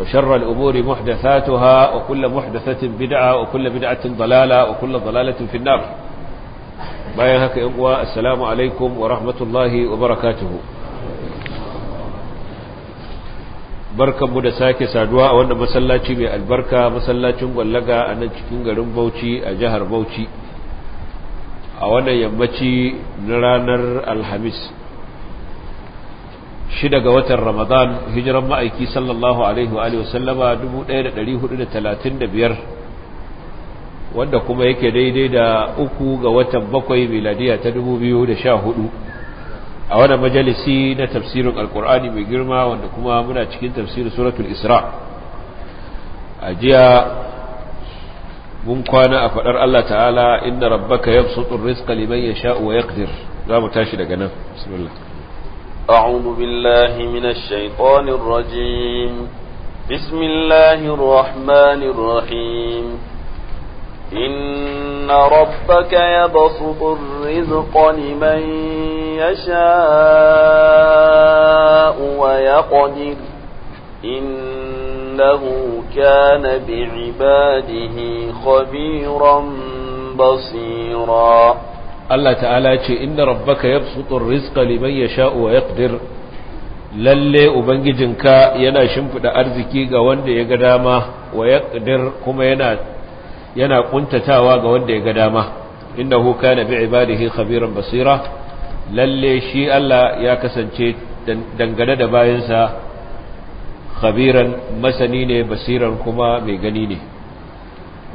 وشر الأمور محدثاتها وكل محدثة بدعة وكل بدعة ضلالة وكل ضلالة في النار باين uwa يقوى السلام عليكم ورحمة الله وبركاته barkan mu da sake saduwa a wannan masallaci mai albarka masallacin gwallaga a nan cikin garin Bauchi a jihar Bauchi a wannan yammaci na ranar Alhamis shida ga watan ramadan hijiran ma'aiki sallallahu alaihi wa alihi da 1435 wanda kuma yake daidai da uku ga watan bakwai miladiya ta 2014 a wannan majalisi na tafsirin alkur'ani mai girma wanda kuma muna cikin tafsirin suratul isra a jiya mun kwana a faɗar Allah ta'ala inna rabbaka yabsutur rizqa liman yasha'u wa yaqdir za mu tashi daga nan bismillah أعوذ بالله من الشيطان الرجيم بسم الله الرحمن الرحيم إن ربك يبسط الرزق لمن يشاء ويقدر إنه كان بعباده خبيرا بصيرا Allah ta'ala ce inna rabbaka yabsutur rizqa liman yasha'u wa yaqdir lalle ubangijinka yana shimfida arziki ga wanda ya ga dama wa yaqdir kuma yana yana kuntatawa ga wanda ya ga dama innahu kana bi ibadihi khabiran basira lalle shi Allah ya kasance dangane da bayansa khabiran masani ne basiran kuma mai gani ne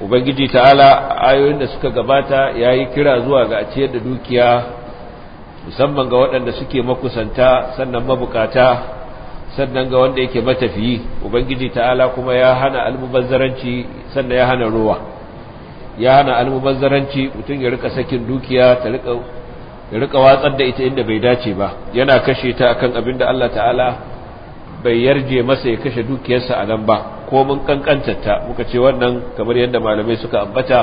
ubangiji ta'ala ayoyin da suka gabata ya yi kira zuwa ga ciyar da dukiya musamman ga waɗanda suke makusanta sannan mabukata sannan ga wanda yake matafiyi ubangiji ta'ala kuma ya hana almubazzaranci sannan ya hana ruwa ya hana almubazzaranci mutum ya rika sakin dukiya ta rika watsar da ita inda bai dace ba yana kashe ta akan abin da Allah ta'ala bai yarje masa ya kashe dukiyarsa a nan ba ko mun kankantata muka ce wannan kamar yadda malamai suka ambata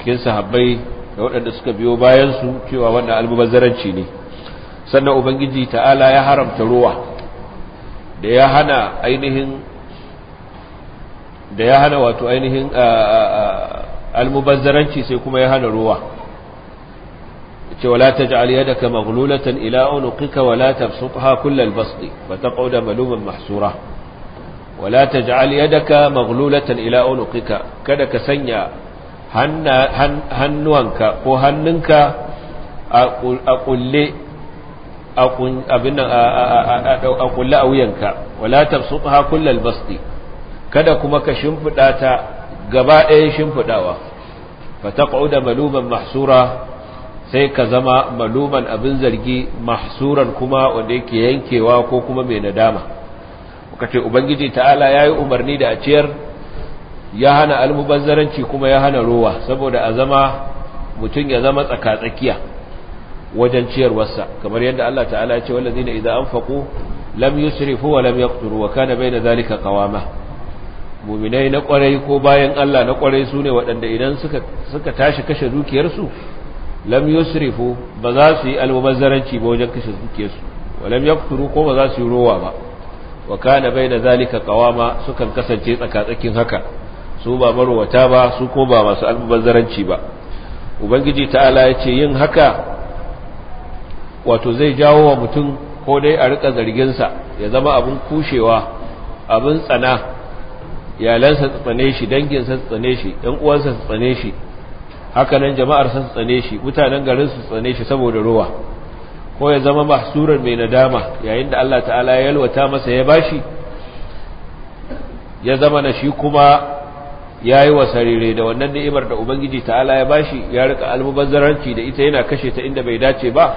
cikin sahabbai da waɗanda suka biyo bayansu cewa wannan almubazzaranci ne sannan ubangiji ta'ala ya haramta ruwa da ya hana ainihin da ya hana wato ainihin almubazzaranci sai kuma ya hana ruwa yace wala ta taj'al yadaka maghlulatan ila unuqika wala tabsutha kullal basti fataqauda maluman mahsura wala ta taj'al yadaka maghlulatan ila unuqika kada ka sanya hannuwanka ko hannunka a kulle a kulle a wuyanka wala tabsutha kullal basti kada kuma ka shimfida ta gaba ɗayan shimfidawa fataqauda maluman mahsura sai ka zama maluman abin zargi mahsuran kuma wanda yake yankewa ko kuma mai nadama ka ce ubangiji ta'ala ya yi umarni da a ciyar ya hana almubazzaranci kuma ya hana rowa saboda a zama mutum ya zama tsakatsakiya wajen ciyar wasa. kamar yadda Allah ta'ala ya ce wallazi zina, idan faƙo lam yusrifu wa lam yaqturu wa kana bayna zalika qawama mu'minai na kwarai ko bayan Allah na kwarai sune waɗanda idan suka tashi kashe dukiyarsu lam yusrifu ba za su yi almubazzaranci ba wajen kashe su wa lam yakturu ko ba za su yi rowa ba wa kana da zalika qawama sukan kasance tsaka-tsakin haka su ba marwata ba su ko ba masu almubazzaranci ba ubangiji ta'ala ya ce yin haka wato zai jawo wa mutum ko dai a rika zarginsa ya zama abin kushewa abin tsana iyalansa tsane shi danginsa tsane shi ɗan uwansa tsane shi haka nan jama'ar sun tsane shi mutanen garin su tsane shi saboda ruwa ko ya zama masurar mai nadama yayin da Allah ta'ala ya yalwata masa ya bashi ya zama na shi kuma ya yi wa sarire da wannan ni'imar da ubangiji ta'ala ya bashi ya rika almubazzaranci da ita yana kashe ta inda bai dace ba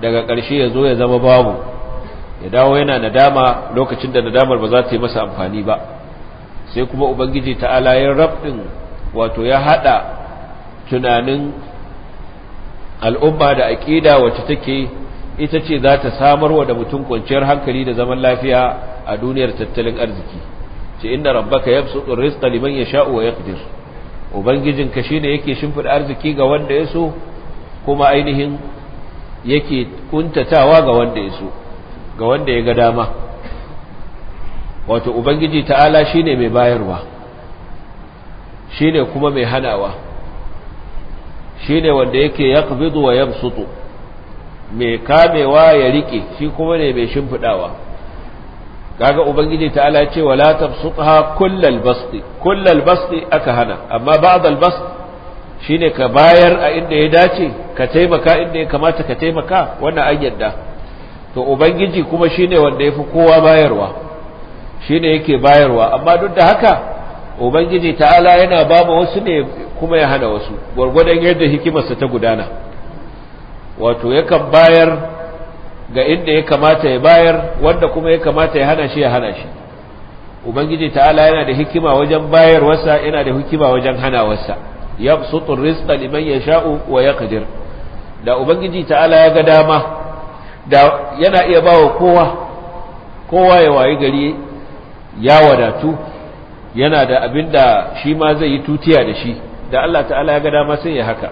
daga ƙarshe ya zo ya zama babu ya dawo yana nadama lokacin da nadamar ba za ta yi masa amfani ba sai kuma ubangiji ta'ala ya rabdin wato ya hada tunanin al'umma da aƙida wacce take ita ce za ta samarwa da mutum kwanciyar hankali da zaman lafiya a duniyar tattalin arziki ce inda rabbaka yabsutu rizqa liman sha’u wa yaqdir ubangijinka shine yake shimfida arziki ga wanda ya so kuma ainihin yake kuntatawa ga wanda ya so ga wanda ya ga dama wato ubangiji ta'ala shine mai bayarwa shine kuma mai hanawa shine wanda yake yaqbidu wa yabsutu mai kamewa ya rike shi kuma ne mai shimfidawa kaga ubangiji ta'ala ce wala tabsutha kullal basti kullal basti aka hana amma ba'dal bast shine ka bayar a inda ya dace ka taimaka inda ya kamata ka taimaka wannan an yadda to ubangiji kuma shine wanda yafi kowa bayarwa shine yake bayarwa amma duk da haka ubangiji ta'ala yana ba ma wasu ne kuma ya hana wasu gwargwadon yadda hikimarsa ta gudana wato yakan bayar ga inda ya kamata ya bayar wanda kuma ya kamata ya hana shi ya hana shi ubangiji ta'ala yana da hikima wajen bayar wasa yana da hikima wajen hana hanawarsa yabsutu rizqa liman yasha'u wa yaqdir da ubangiji ta'ala ya ga dama da yana iya ba wa kowa kowa ya wayi gari ya wadatu yana da abin da shi ma zai yi tutiya da shi da Allah ta'ala ya ga dama sun ya haka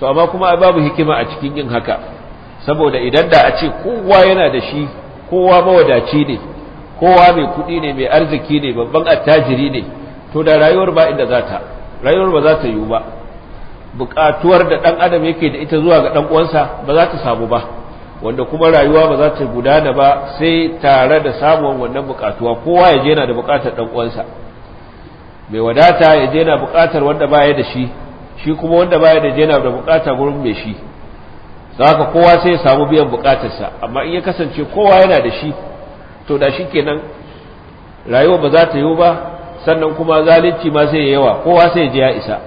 to amma kuma a babu hikima a cikin yin haka saboda idan da a ce kowa yana da shi kowa mawadaci ne kowa mai kuɗi ne mai arziki ne babban attajiri ne to da rayuwar ba inda za ta rayuwar ba za ta yiwu ba buƙatuwar da ɗan adam yake da ita zuwa ga ɗan uwansa ba za ta samu ba wanda kuma rayuwa ba za ta gudana ba sai tare da samun wannan buƙatuwa kowa ya je yana da buƙatar ɗan uwansa mai wadata ya je na bukatar wanda baya da shi shi kuma wanda baya da je na da bukata gurin mai shi zaka kowa sai ya samu biyan bukatarsa amma in ya kasance kowa yana da shi to da shi kenan rayuwa ba za ta yiwu ba sannan kuma zalunci ma sai yawa kowa sai ya je ya isa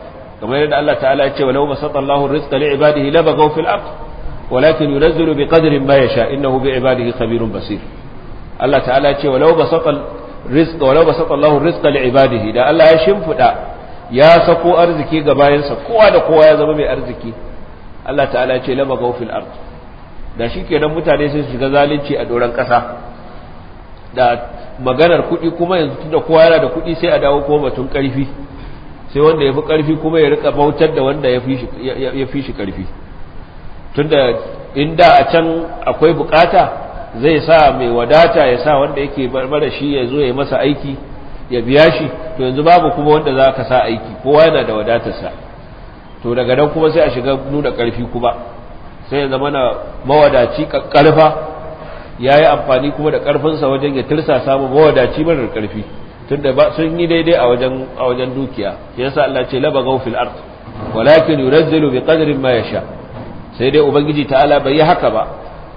kamar yadda Allah ta'ala ya ce walau basatallahu rizqa li ibadihi labaghaw fil ard walakin yunazzilu biqadri ma yasha innahu bi ibadihi khabirun basir Allah ta'ala ya ce walau basatal rizqa walau basatallahu rizqa li ibadihi da Allah ya shimfida ya sako arziki ga bayansa kowa da kowa ya zama mai arziki Allah ta'ala ya ce lama fil ard da shikenan mutane sai su shiga zalunci a doran kasa da maganar kuɗi kuma yanzu tunda kowa yana da kuɗi sai a dawo kuma batun ƙarfi sai wanda yafi fi ƙarfi kuma ya rika bautar da wanda ya fi shi ƙarfi tunda inda a can akwai bukata zai sa mai wadata ya sa wanda yake barbara shi ya zo ya masa aiki ya biya shi to yanzu babu kuma wanda za ka sa aiki kowa yana da wadatarsa to daga nan kuma sai a shiga nuna ƙarfi kuma sai ya zama na mawadaci ƙarfa ya yi amfani kuma da ƙarfinsa wajen ya tirsa samun mawadaci marar ƙarfi tun da sun yi daidai a wajen dukiya ya sa Allah ce laba gaufil art walakin yurazzilu bi qadrin ma yasha sai dai ubangiji ta'ala bai yi haka ba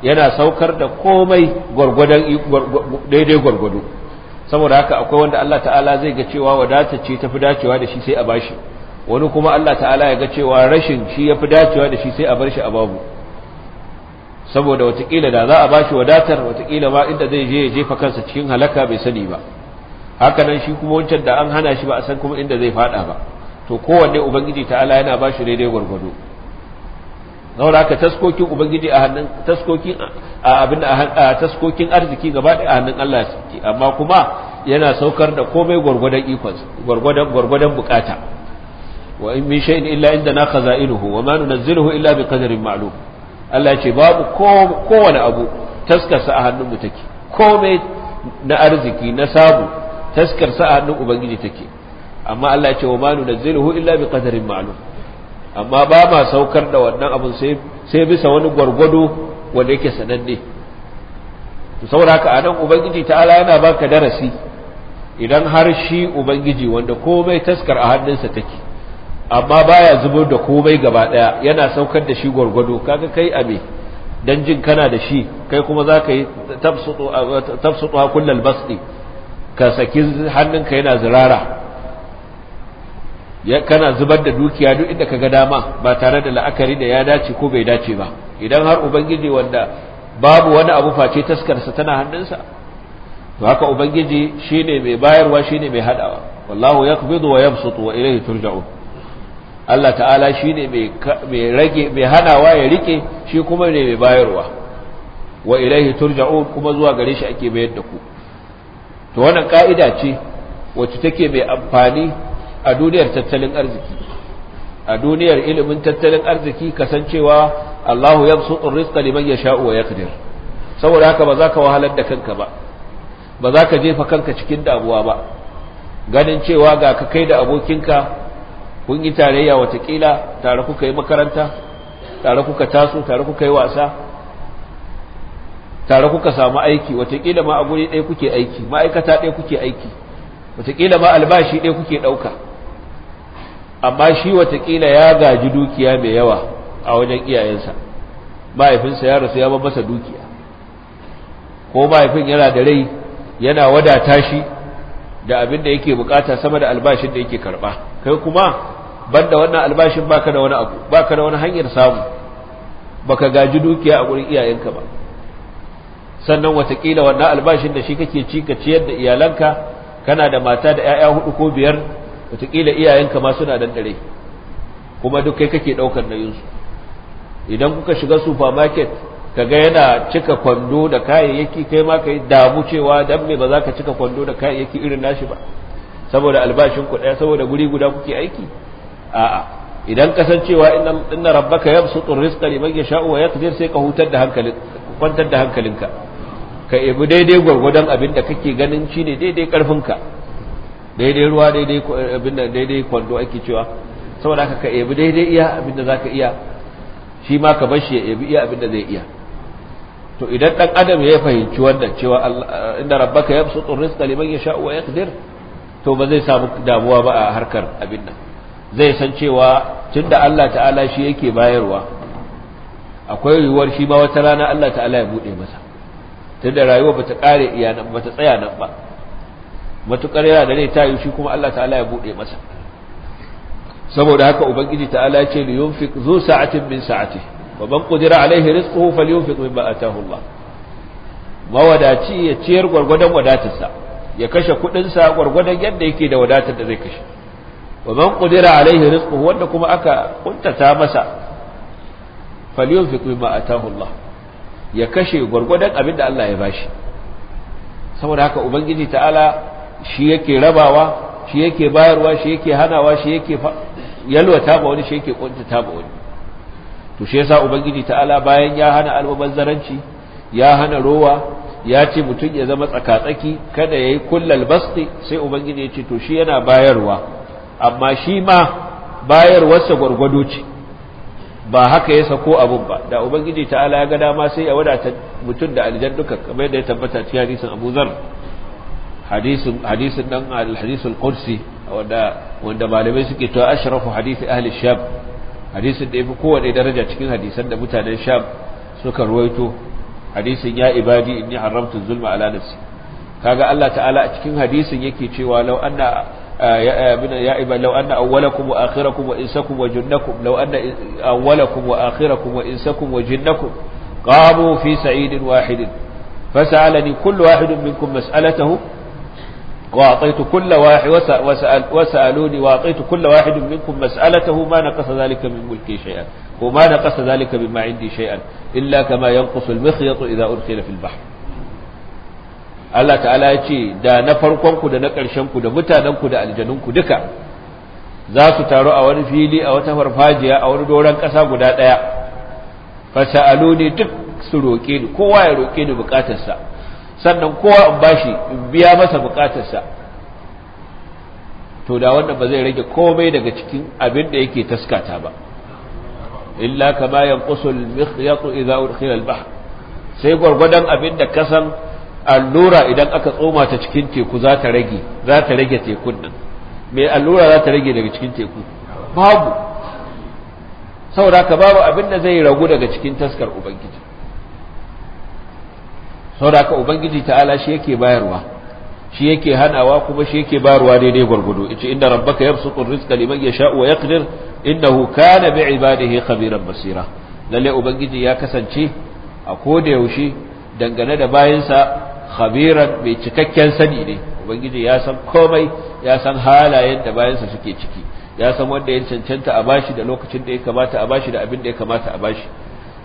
yana saukar da komai gwargwadon daidai gwargwado saboda haka akwai wanda Allah ta'ala zai ga cewa wadata ce fi dacewa da shi sai a bashi wani kuma Allah ta'ala ya ga cewa rashin shi ya fi dacewa da shi sai a bar shi a babu saboda watakila da za a bashi wadatar watakila ma inda zai je ya jefa kansa cikin halaka bai sani ba haka nan shi kuma wancan da an hana shi ba a san kuma inda zai fada ba to kowanne ubangiji ta'ala yana bashi daidai gwargwado saboda haka taskokin ubangiji a hannun taskokin a abin a taskokin arziki gaba da a hannun Allah suke amma kuma yana saukar da komai gwargwadon ikonsa gwargwadon gwargwadon bukata wa in min shay'in illa inda na khaza'inuhu wa ma nunzilu illa bi qadarin ma'lum Allah ya ce babu kowane abu taskarsa a hannun mu take komai na arziki na sabu taskarsa a hannun ubangiji take amma Allah ya ce wa ma nunzilu illa bi qadarin ma'lum amma ba ma saukar da wannan abin sai bisa wani gwargwado wanda yake sananne to saboda haka anan ubangiji ta'ala yana baka darasi idan har shi ubangiji wanda komai taskar a hannunsa take amma baya zubar da komai gaba daya yana saukar da shi gwargwado kaga kai abe dan jin kana da shi kai kuma zaka yi tafsutu tafsutu kullal basdi ka saki hannunka yana zirara kana zubar da dukiya duk inda kaga dama ba tare da la'akari da ya dace ko bai dace ba idan har ubangiji wanda babu wani abu face taskarsa tana hannunsa to haka ubangiji shine mai bayarwa shine mai hadawa wallahu yaqbidu wa yabsutu wa ilayhi turja'un Allah ta'ala shine mai rage mai hanawa ya rike shi kuma ne mai bayarwa wa ilayhi turja'un kuma zuwa gare shi ake bayar da ku to wannan ka'ida ce wacce take mai amfani a duniyar tattalin arziki a duniyar ilimin tattalin arziki kasancewa Allahu yabsutur rizqa liman yasha'u wa yaqdir saboda haka ba za ka wahalar da kanka ba ba za ka jefa kanka cikin damuwa ba ganin cewa ga ka kai da abokinka kun yi tarayya watakila tare kuka yi makaranta tare kuka taso tare kuka yi wasa tare kuka samu aiki watakila ma a guri ɗaya kuke aiki ma'aikata ɗaya kuke aiki watakila ma albashi ɗaya kuke ɗauka amma shi watakila ya gaji dukiya mai yawa a wajen iyayensa mahaifinsa ya rasu ya ba masa dukiya ko mahaifin yana da rai yana wadata shi da abin da yake bukata sama da albashin da yake karba kai kuma ban da wannan albashin baka da wani da wani hanyar samu baka gaji dukiya a wurin iyayenka ba sannan watakila wannan albashin da shi kake ci ka ciyar da iyalanka kana da mata da 'ya'ya hudu ko biyar wataƙila iyayenka ma suna dan dare kuma duk kai kake ɗaukar nayinsu idan kuka shiga supermarket kaga yana cika kwando da kayayyaki kai ma kai damu cewa dan me ba za ka cika kwando da kayayyaki irin nashi ba saboda albashin ku ɗaya saboda guri guda kuke aiki a'a idan kasancewa inna rabbaka yabsutu rizqa liman yasha'u wa yaqdir sai ka hutar da hankalin kwantar da hankalinka ka ebi daidai gwargwadon abin da kake ganin shine daidai karfinka daidai ruwa daidai eh, abinda daidai kwando ake cewa saboda haka ka ebi daidai iya abinda zaka iya shi ma ka bar shi ya ebi iya abinda zai iya to idan dan adam ya fahimci wannan cewa eh, inda rabbaka yabsutu rizqa liman yasha wa yaqdir to ba zai samu damuwa ba a harkar abin nan zai san cewa tunda Allah ta'ala shi yake bayarwa akwai yiwuwar shi ma wata rana Allah ta'ala ya bude masa tunda rayuwa bata kare iyanan bata tsaya nan ba Matuƙar yana da rai ta yi shi kuma Allah ta'ala ya bude masa saboda haka ubangiji ta'ala ce li yunfiq zu sa'atin min sa'ati wa man qudira alaihi rizquhu falyunfiq mimma ataahu Allah mawadaci ya ciyar gwargwadon wadatarsa ya kashe kudin sa gwargwadon yadda yake da wadatar da zai kashe wa man qudira alaihi rizquhu wanda kuma aka kuntata masa falyunfiq mimma ataahu Allah ya kashe gwargwadon abinda Allah ya bashi saboda haka ubangiji ta'ala shi yake rabawa shi yake bayarwa shi yake hanawa shi yake yalwata ba wani shi yake kuntata ba wani to shi yasa ubangiji ta'ala bayan ya hana zaranci ya hana rowa ya ce mutum ya zama tsakatsaki kada yayi kullal basti sai ubangiji ya ce to shi yana bayarwa amma shi ma bayarwarsa gwargwado ce ba haka ya sako abun ba da ubangiji ta'ala ya ga dama sai ya wadata mutum da aljan duka kamar yadda ya tabbata cikin hadisin Abu Zar hadisin dan al-hadisul wanda malamai suke to ashrafu hadisi ahli sham hadisin da fi kowace daraja cikin hadisan da mutanen sham suka ruwaito hadisin ya ibadi inni haramtu zulma ala nafsi kaga Allah ta'ala a cikin hadisin yake cewa law anna eh, eh, ya ibadi law anna awwalakum wa akhirakum wa insakum wa jinnakum law anna awwalakum wa akhirakum wa insakum wa jinnakum qamu fi sa'idin wahidin fasalani kullu wahidin minkum mas'alatahu وأعطيت كل واحد وسأل وسألوني وأعطيت كل واحد منكم مسألته ما نقص ذلك من ملكي شيئا وما نقص ذلك مما عندي شيئا إلا كما ينقص المخيط إذا أدخل في البحر Allah ta'ala ya ce da na farkonku da na karshenku da mutanenku da ku duka za su taru a wani fili a wata farfajiya a wani doran ƙasa guda ɗaya fasa'alu ne duk su roƙe ni kowa ya roke ni buƙatarsa sannan kowa in bashi in biya masa bukatarsa to da wannan ba zai rage komai daga cikin abin da yake taskata ba illa kama yanqusul mikhyatu idza udkhila al-bahr sai gwargwadon abin da kasan allura idan aka tsoma ta cikin teku za ta rage za ta rage tekun nan me allura za ta rage daga cikin teku babu saboda ka babu abin da zai ragu daga cikin taskar ubangiji saboda ka ubangiji ta'ala shi yake bayarwa shi yake hanawa kuma shi yake bayarwa daidai gwargwado yace inda rabbaka yabsutu rizqa liman yasha wa yaqdir innahu kana ibadihi khabiran basira lalle ubangiji ya kasance a koda yaushe dangane da bayansa khabiran mai cikakken sani ne ubangiji ya san komai ya san halayen da bayansa suke ciki ya san wanda ya cancanta a bashi da lokacin da ya kamata a bashi da abin da ya kamata a bashi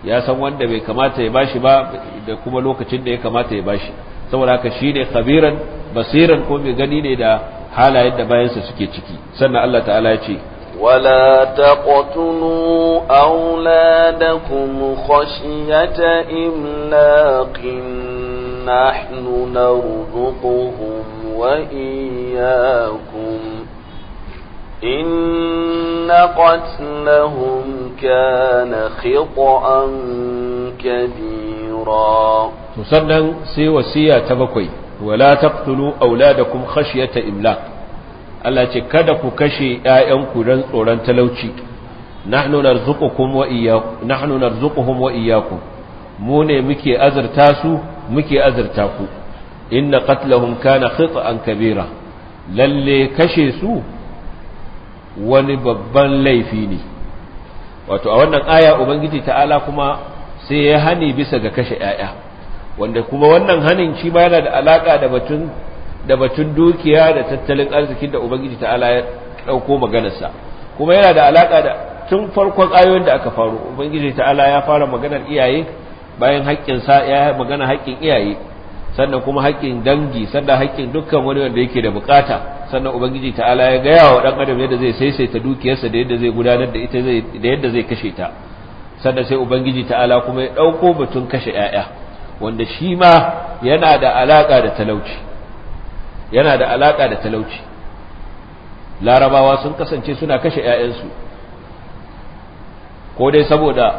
ya san wanda bai kamata ya bashi ba da kuma lokacin da ya kamata ya bashi saboda haka shine khabiran basiran ko mai gani ne da halayen da bayansa suke ciki sannan Allah ta'ala ya ce ولا تقتلوا أولادكم خشية إملاق نحن نرزقهم وإياكم إن قتلهم كان خطأ كبيرا تسنن سي وسيا تبكوي ولا تقتلوا أولادكم خشية إملاق ala ce kada ku kashe ‘ya'yanku don tsoron talauci, nahnu narzuquhum wa iyyakum mu ne muke azurta su muke azurta ku, inna qatlahum kana an kabira, lalle kashe su wani babban laifi ne wato a wannan aya ubangiji ta'ala kuma sai ya hani bisa ga kashe 'ya'ya wanda kuma wannan hanin shi ma yana da alaka da batun da batun dukiya da tattalin arzikin da ubangiji ta'ala ya dauko maganarsa kuma yana da alaka da tun farkon ayoyin da aka faru ubangiji ta'ala ya fara maganar iyaye bayan haƙƙin sa ya magana haƙƙin iyaye sannan kuma haƙƙin dangi sannan haƙƙin dukkan wani wanda yake da bukata sannan ubangiji ta'ala ya gaya wa dan adam yadda zai saisaita dukiyarsa da yadda zai gudanar da ita zai da yadda zai kashe ta sannan sai ubangiji ala kuma ya ɗauko batun kashe yaya wanda shi ma yana da alaka da talauci yana da alaka da talauci larabawa sun kasance suna kashe yayansu ko dai saboda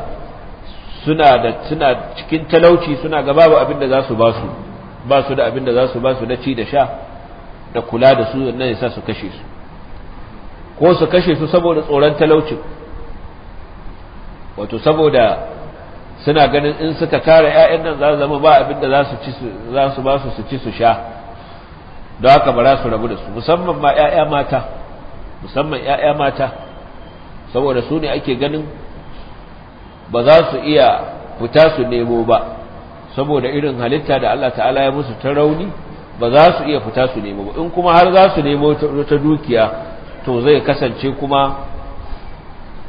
suna da suna cikin talauci suna ga babu abin da za su ba su ba su da abin da za su ba su na ci da sha da kula da su na yasa su kashe su ko su kashe su saboda tsoron talaucin wato saboda suna ganin in suka kare 'ya'yan nan za zama ba abin da za su ba su su ci su sha don haka ba za su rabu da su musamman ma 'ya'ya mata musamman 'ya'ya mata saboda su ne ake ganin ba za su iya fita su nemo ba saboda irin halitta da Allah ta'ala ya musu ta rauni ba za su iya fita su nemo ba in kuma har za su nemo ta dukiya to zai kasance kuma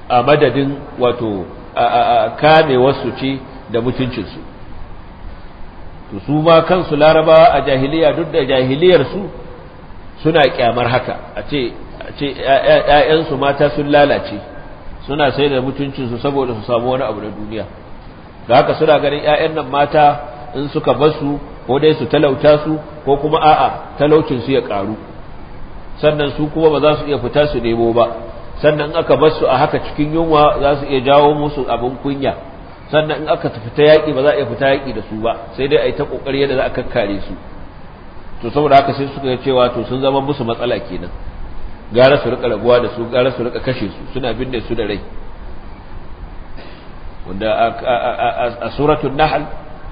a madadin wato kame wasu ce da mutuncinsu to su ma kansu larabawa a jahiliya duk da jahiliyarsu suna kyamar haka a ce ‘ya'yansu mata sun lalace suna sai da mutuncinsu saboda su samu wani abu na duniya da haka suna ganin 'ya'yan nan mata in suka basu ko dai su talauta su ko kuma a'a talaucin su ya karu sannan su kuma ba za su iya fita su nemo ba sannan in aka basu a haka cikin yunwa za su iya jawo musu abin kunya sannan in aka fita yaƙi ba za a iya fita yaƙi da su ba sai dai a yi ta ƙoƙari yadda za a kakkare su to saboda haka sai suka cewa to sun zama musu matsala kenan gara su rika raguwa da su gara su rika kashe su suna binne su da rai wanda a suratul nahl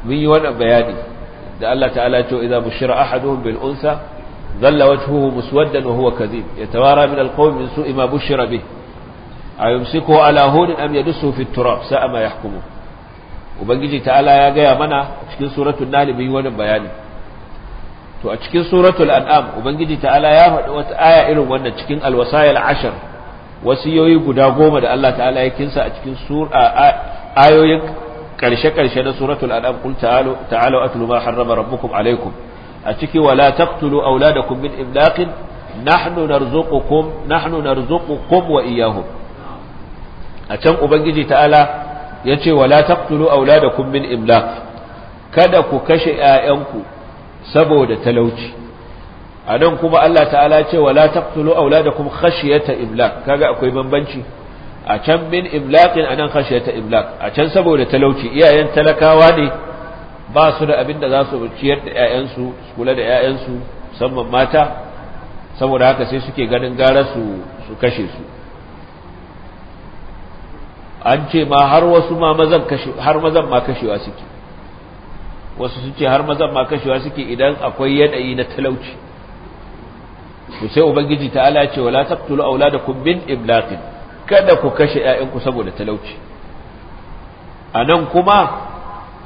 mun yi wannan bayani da Allah ta'ala ce idza bushira ahaduhum bil unsa dhalla wajhuhu muswaddan wa huwa kadhib yatawara min al qawmi min su'i ma bushira bih ayumsiku ala hunin am yadussu fi turab sa'a ma yahkumu ubangiji ta'ala ya gaya mana cikin suratul nahl mun yi wannan bayani to a cikin suratul an'am ubangiji ta'ala ya faɗi wata aya irin wannan cikin alwasayil ashar wasiyoyi guda goma da Allah ta'ala ya kinsa a cikin sura ayoyin karshe-karshe na suratul an'am qul ta'alu ta'alu atlu ma harrama rabbukum alaykum a ciki wala taqtulu auladakum min imlaqin nahnu narzuqukum nahnu narzuqukum wa iyyahum a can ubangiji ta'ala yace wala taqtulu auladakum min imlaq kada ku kashe ƴaƴanku saboda talauci anan kuma Allah ta'ala ce wala taqtulu auladakum khashyata imlaq kaga akwai bambanci a can min imlaqin anan khashiyata imlaq a can saboda talauci iyayen talakawa ne ba su da abin da za su ciyar da ƴaƴansu su kula da su musamman mata saboda haka sai suke ganin gara su su kashe su an ce ma har wasu ma mazan kashe har mazan ma kashewa suke wasu su ce har mazan ma kashewa suke idan akwai yanayi na talauci to sai ubangiji ta'ala ya ce wala taqtulu auladakum min imlaqin kada ku kashe ‘ya'yanku saboda talauci a nan kuma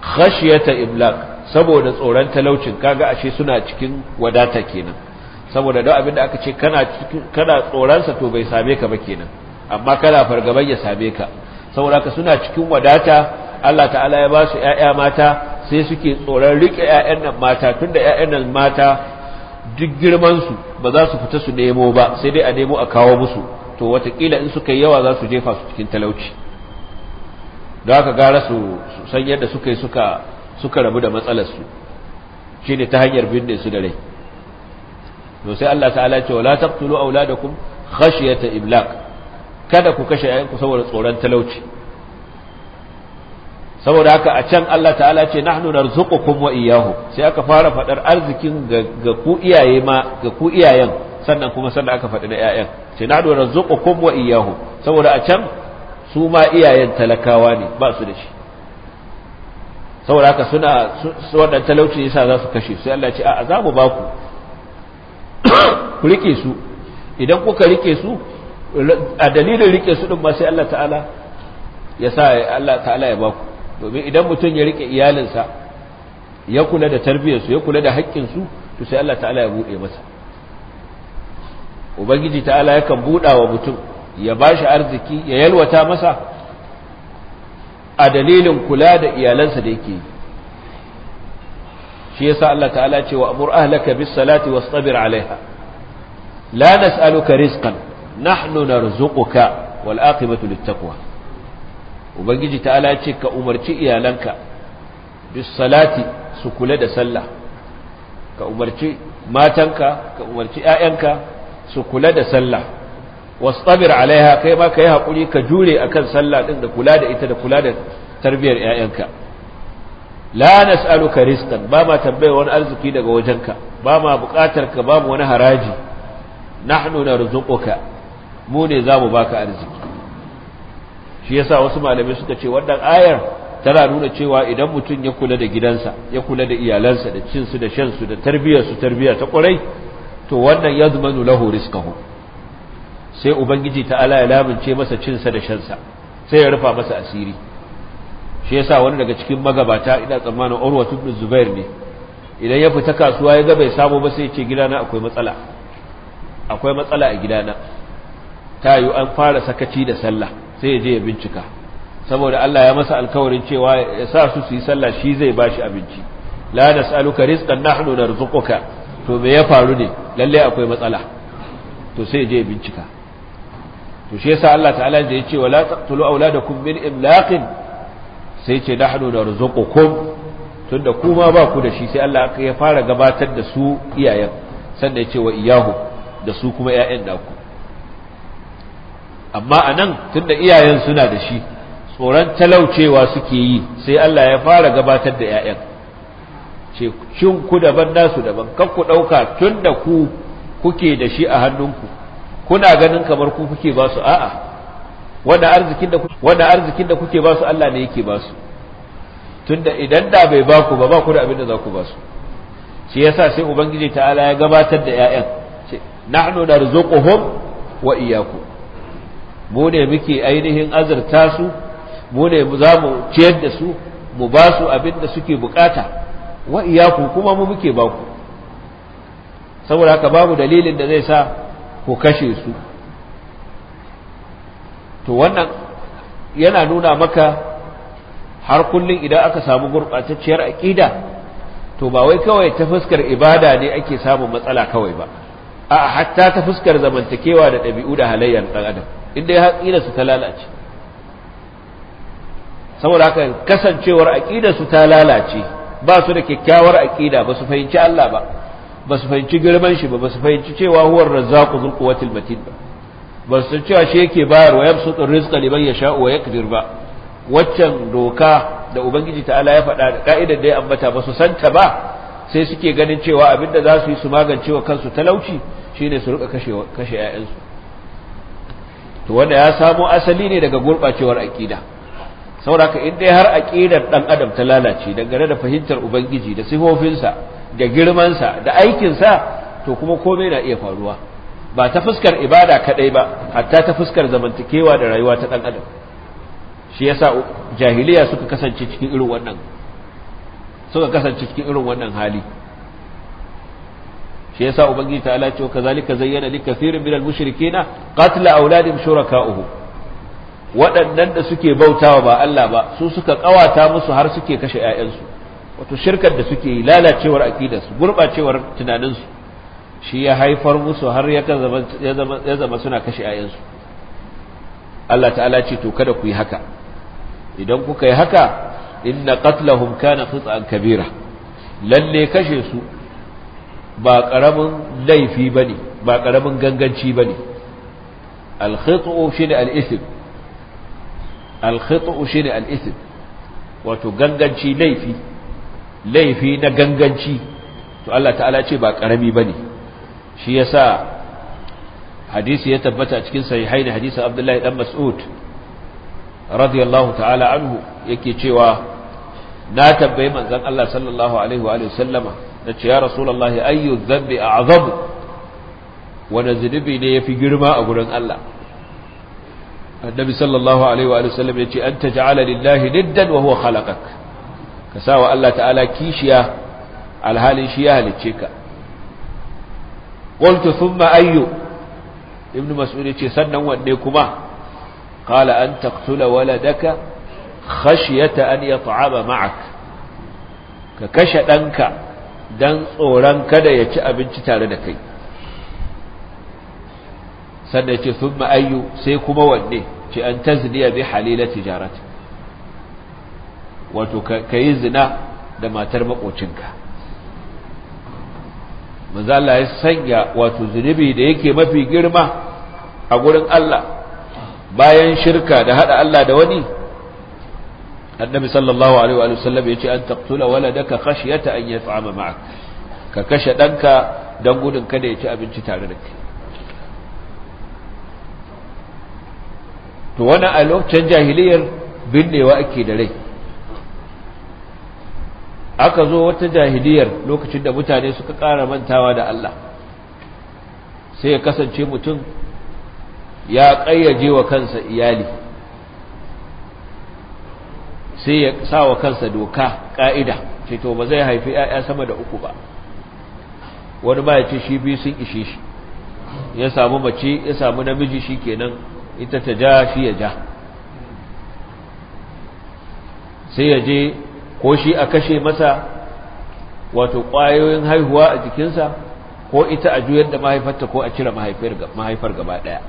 khashiyata iblak saboda tsoron talaucin kaga ashe suna cikin wadata kenan saboda don abin da aka ce kana tsoronsa to bai same ka ba kenan amma kana fargaban ya same ka saboda ka suna cikin wadata Allah ta'ala ya ba su ‘ya'ya mata sai suke tsoron riƙe ‘ya'yan nan mata tun da ‘ya'yan nan mata duk girmansu ba za su fita su nemo ba sai dai a nemo a kawo musu to watakila in suka yi yawa za su jefa su cikin talauci da haka gara su san yadda suka yi suka suka rabu da matsalarsu shi ne ta hanyar binne su da rai to sai Allah ta'ala ce da taqtulu auladakum khashyata iblaq kada ku kashe yayanku saboda tsoron talauci saboda haka a can Allah ta'ala ce nahnu narzuqukum wa iyyahu sai aka fara fadar arzikin ga ku iyaye ma ga ku iyayen sannan kuma sannan aka faɗi na 'ya'yan ce na dora zuƙo kuma iyahu saboda a can su ma iyayen talakawa ne ba su da shi saboda haka suna wannan talauci yasa za su kashe sai Allah ce a za mu ba ku ku rike su idan kuka rike su a dalilin rike su ɗin ma sai Allah ta'ala ya sa Allah ta'ala ya ba ku domin idan mutum ya rike iyalinsa ya kula da tarbiyyarsu ya kula da haƙƙinsu to sai Allah ta'ala ya buɗe masa ubangiji ta'ala yakan buɗa wa mutum ya ba shi arziki ya yalwata masa a dalilin kula da iyalansa da yake yi shi yasa Allah ta'ala ce wa amur ahlaka bis salati wastabir alaiha la nas'aluka rizqan nahnu narzuquka wal aqibatu lit taqwa ubangiji ta'ala ce ka umarci iyalanka bis salati su kula da sallah ka umarci matanka ka umarci 'ya'yanka su kula da sallah wastabir alaiha kai ma yi hakuri ka jure akan sallah ɗin da kula da ita da kula da tarbiyar 'ya'yanka. la nas'aluka rizqan ba ma tambaye wani arziki daga wajenka ba ma buƙatar ka ba mu wani haraji nahnu narzuquka mu ne za mu baka arziki shi yasa wasu malamai suka ce wannan ayar tana nuna cewa idan mutum ya kula da gidansa ya kula da iyalansa da cinsu da shansu da tarbiyarsu tarbiya ta ƙwarai to wannan yadmanu lahu rizqahu sai ubangiji ta ya lamince masa cinsa da shansa sai ya rufa masa asiri shi ya sa wani daga cikin magabata ina tsammanin Urwa ibn Zubair ne idan ya fita kasuwa ya ga ya samu ba sai ya ce gidana akwai matsala akwai matsala a gidana ta yi an fara sakaci da sallah sai ya je ya bincika saboda Allah ya masa alkawarin cewa ya sa su su yi sallah shi zai ba shi abinci la nas'aluka rizqan nahnu narzuquka to me ya faru ne lalle akwai matsala to sai je bincika to shi yasa Allah ta'ala da yace wala taqtulu auladakum min imlaqin sai ce nahnu narzuqukum tunda kuma ba ku da shi sai Allah ya fara gabatar da su iyayen sannan ya ce wa iyahu da su kuma 'ya'yan naku amma anan tunda iyayen suna da shi tsoron talaucewa suke yi sai Allah ya fara gabatar da 'ya'yan. ce shin ku daban nasu daban kan ku ɗauka tun da ku kuke da shi a hannunku kuna ganin kamar ku kuke ba su a'a wanda arzikin da kuke ba su Allah ne yake ba su tun da idan da bai ba ku ba ba ku da abin da za ku ba su shi yasa sai ubangiji ta'ala ya gabatar da 'ya'yan ce nahnu narzuquhum wa iyyakum mu ne muke ainihin azurta su mu ne za mu ciyar da su mu ba su abin da suke bukata wa iyaku kuma mu muke ba ku saboda haka babu dalilin da zai sa ku kashe su to wannan yana nuna maka har kullum idan aka samu gurɓatacciyar aƙida to ba wai kawai ta fuskar ibada ne ake samun matsala kawai ba a hatta ta fuskar zamantakewa da ɗabi'u da halayyar ɗan adam inda ya haƙila su ta lalace saboda haka kasancewar aƙida su ta lalace ba su da kyakkyawar aƙida ba su fahimci Allah ba ba su fahimci girman shi ba ba su fahimci cewa huwar razzaqu zul quwwatil matin ba ba su cewa shi yake wa yabsutu rizqa liman yasha wa yaqdir ba waccan doka da ubangiji ta'ala ya faɗa da ka'idar da ya ambata ba su santa ba sai suke ganin cewa abinda za su yi su magance wa kansu talauci shine su rika kashe kashe 'ya'yansu to wanda ya samo asali ne daga gurbacewar aƙida. ka in dai har aqidar dan adam ta lalace dangane da fahimtar ubangiji da sifofinsa da girmansa da aikin sa, to kuma komai na iya faruwa ba ta fuskar ibada kadai ba hatta ta fuskar zamantakewa da rayuwa ta dan adam shi yasa jahiliya suka kasance cikin irin wannan suka kasance cikin irin wannan hali shi yasa ubangiji ta'ala ce kazalika zayyana likathirin minal mushrikeena qatla auladin shuraka'uhum waɗannan da suke bautawa ba Allah ba su suka ƙawata musu har suke kashe 'ya'yansu wato shirkar da suke yi lalacewar aƙidarsu gurɓacewar tunaninsu shi ya haifar musu har ya zama suna kashe 'ya'yansu Allah ta'ala ce to kada ku yi haka idan kuka yi haka inna qatlahum kana khit'an kabira lalle kashe su ba ƙaramin laifi bane ba ƙaramin ganganci bane al-khit'u shi ne al-ithm alkhita'u shi ne al'isim wato ganganci laifi laifi na ganganci to Allah ta'ala ce ba ƙarami ba ne shi ya sa hadisi ya tabbata cikin sahihai da hadisin abdullahi ɗan mas'ud radiyallahu ta'ala anhu yake cewa na tambayi manzan Allah sallallahu alaihi wa sallama na ce ya rasulallahi ayyu zambi a azabu wani zunubi ne ya fi girma a gurin Allah annabi sallallahu alaihi wa sallam yace an taj'ala lillahi niddan wa huwa khalaqak ka sawa Allah ta'ala kishiya alhalin shi ya halicce ka qultu thumma ayyu ibnu mas'ud yace sannan wanne kuma qala an taqtula waladaka khashyata an yat'ama ma'ak ka kashe danka dan tsoron kada ya ci abinci tare da kai sannan ya ce thumma sai kuma wanne ce an tazniya bi halila tijarati wato ka yi zina da matar makocinka manzo ya sanya wato zunubi da yake mafi girma a gurin Allah bayan shirka da hada Allah da wani annabi sallallahu alaihi wa sallam yace an taqtula waladaka khashyata an yat'ama ma'ak ka kashe danka dan gudun kada ya ci abinci tare da kai to wani a lokacin jahiliyar binnewa ake da rai aka zo wata jahiliyar lokacin da mutane suka ƙara mantawa da Allah sai ya kasance mutum ya ƙayyaje wa kansa iyali sai ya sa wa kansa doka ƙa'ida ce to ba zai haifi ‘ya'ya sama da uku ba wani ma ya ce shi biyu sun ishe shi ya samu mace ya samu namiji shi kenan ita ta ja shi ya ja sai ya je ko shi a kashe masa wato ƙwayoyin haihuwa a jikinsa ko ita a juyar da mahaifarta ko a cire mahaifar gaba ɗaya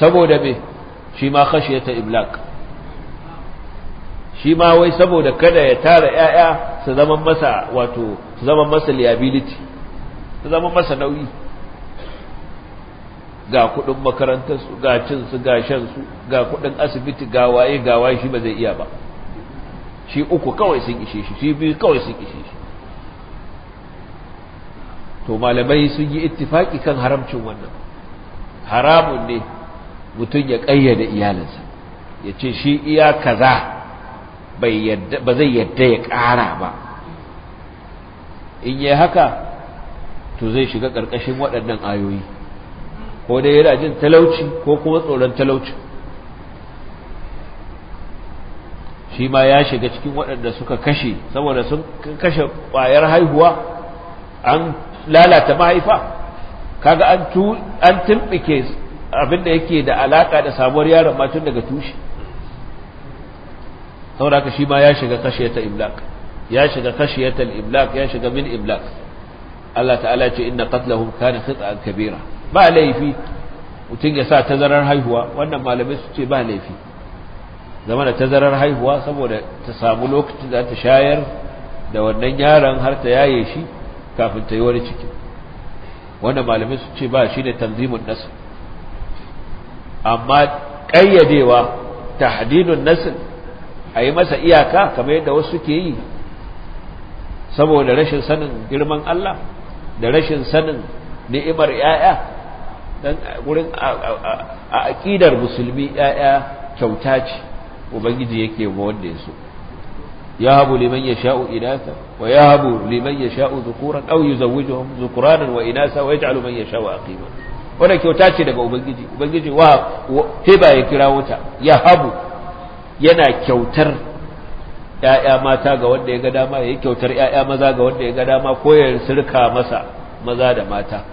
saboda me shi ma kashe ta iblak shi ma wai saboda kada ya tara 'ya'ya su zama masa wato su zama masa liability su zama masa nauyi ga kudin makarantarsu ga cinsu ga shansu ga kudin asibiti ga waye ga waye shi ba zai iya ba shi uku kawai sun ishe shi shi biyu kawai sun ishe shi to malamai sun yi ittifaki kan haramcin wannan haramun ne mutum ya ƙayyade iyalinsa ya ce shi iya kaza ba zai yadda ya ƙara ba in yi haka to zai shiga ƙarƙashin waɗannan ayoyi ko dai yana jin talauci ko kuma tsoron talauci shi ma ya shiga cikin waɗanda suka kashe saboda sun kashe ƙwayar haihuwa an lalata mahaifa kaga an tumɓike abinda yake da alaƙa da samuwar yaron matun daga tushe saboda haka shi ma ya shiga kashiyata imlak ya shiga kashiyata imlak ya shiga min imlak Allah ta'ala ce inna qatlahum kana khit'an kabira ba laifi mutum ya sa tazarar haihuwa wannan malamai su ce ba laifi zama da tazarar haihuwa saboda ta samu lokacin da ta shayar da wannan yaron har ta yaye shi kafin ta yi wani ciki wannan malamai su ce ba shi ne tanzimin nasu. amma ƙayyadewa ta hadinun nasu a yi masa iyaka kamar yadda wasu ke yi saboda rashin sanin girman Allah da rashin sanin ni'imar 'ya'ya dan a aƙidar musulmi yaya kyauta ce ubangiji yake ma wanda ya so yahabu liman ya sha'u inasa wa yahabu liman yasha'u dhukuran aw yuzawwijuhum zukuranin wa inatha wa ya sha'u a ƙima wadda kyauta ce daga ubangiji ubangiji wa teba ya kira wuta yahabu yana kyautar ‘ya'ya mata ga wanda ya ga dama ya yi kyautar ‘ya'ya maza ga wanda ya ga dama ko ya sirka masa maza da mata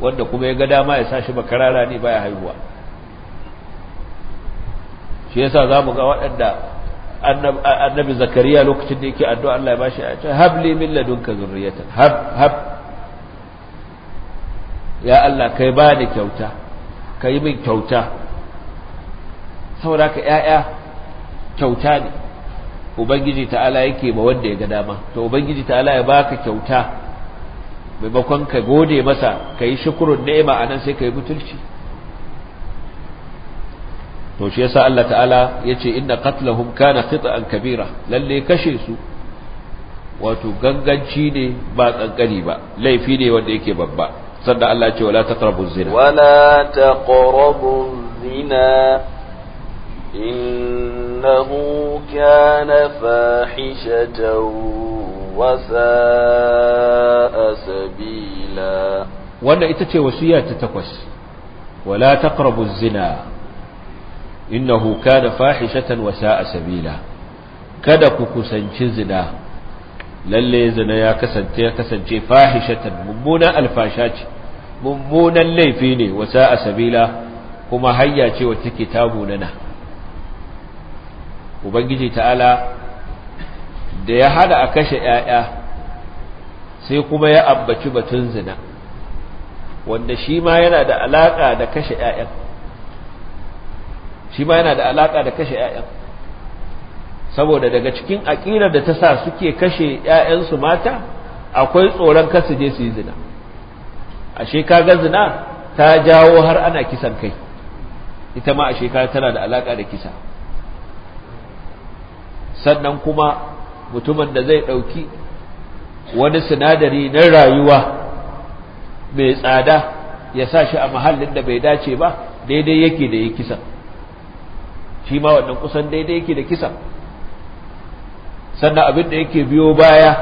wanda kuma ya ga dama ya sa shi bakarara ne baya haihuwa shi yasa za mu ga waɗanda annabi zakariya lokacin da yake addu'a Allah ya bashi a ce habli min ladunka zurriyatan hab hab ya Allah kai ba ni kyauta kai min kyauta saboda ka ƴaƴa kyauta ne ubangiji ta'ala yake ba wanda ya ga dama to ubangiji ta'ala ya baka kyauta maimakon ka gode masa ka yi shukurun ni'ima a nan sai ka yi mutulci to shi yasa Allah ta'ala ya ce inna qatlahum kana khita'an kabira lalle kashe su wato ganganci ne ba tsankani ba laifi ne wanda yake babba sanda Allah ce wala taqrabu zina wala taqrabu zina innahu kana fahishatan وساء سبيلا وانا اتتي وسيا تتكوس ولا تقربوا الزنا إنه كان فاحشة وساء سبيلا kada ku kusanci zina Lallai zina ya kasance ya fahishatan mummunan alfasha ce mummunan laifi ne wasa a sabila kuma hayya ce wacce take na. ubangiji ta'ala da ya hada a kashe 'ya'ya sai kuma ya abbaci batun zina wanda shi ma yana da alaka da kashe 'ya'yan shi ma yana da alaka da kashe 'ya'yan saboda daga cikin aƙirar da ta sa suke kashe 'ya'yansu mata akwai tsoron kasu je su yi zina a shekaga zina ta jawo har ana kisan kai ita ma a shekara tana da alaka da kisa sannan kuma mutumin da zai ɗauki wani sinadari na rayuwa mai tsada ya sa shi a mahallin da bai dace ba daidai yake da ya kisa shi ma wannan kusan daidai yake da kisa sannan abin da yake biyo baya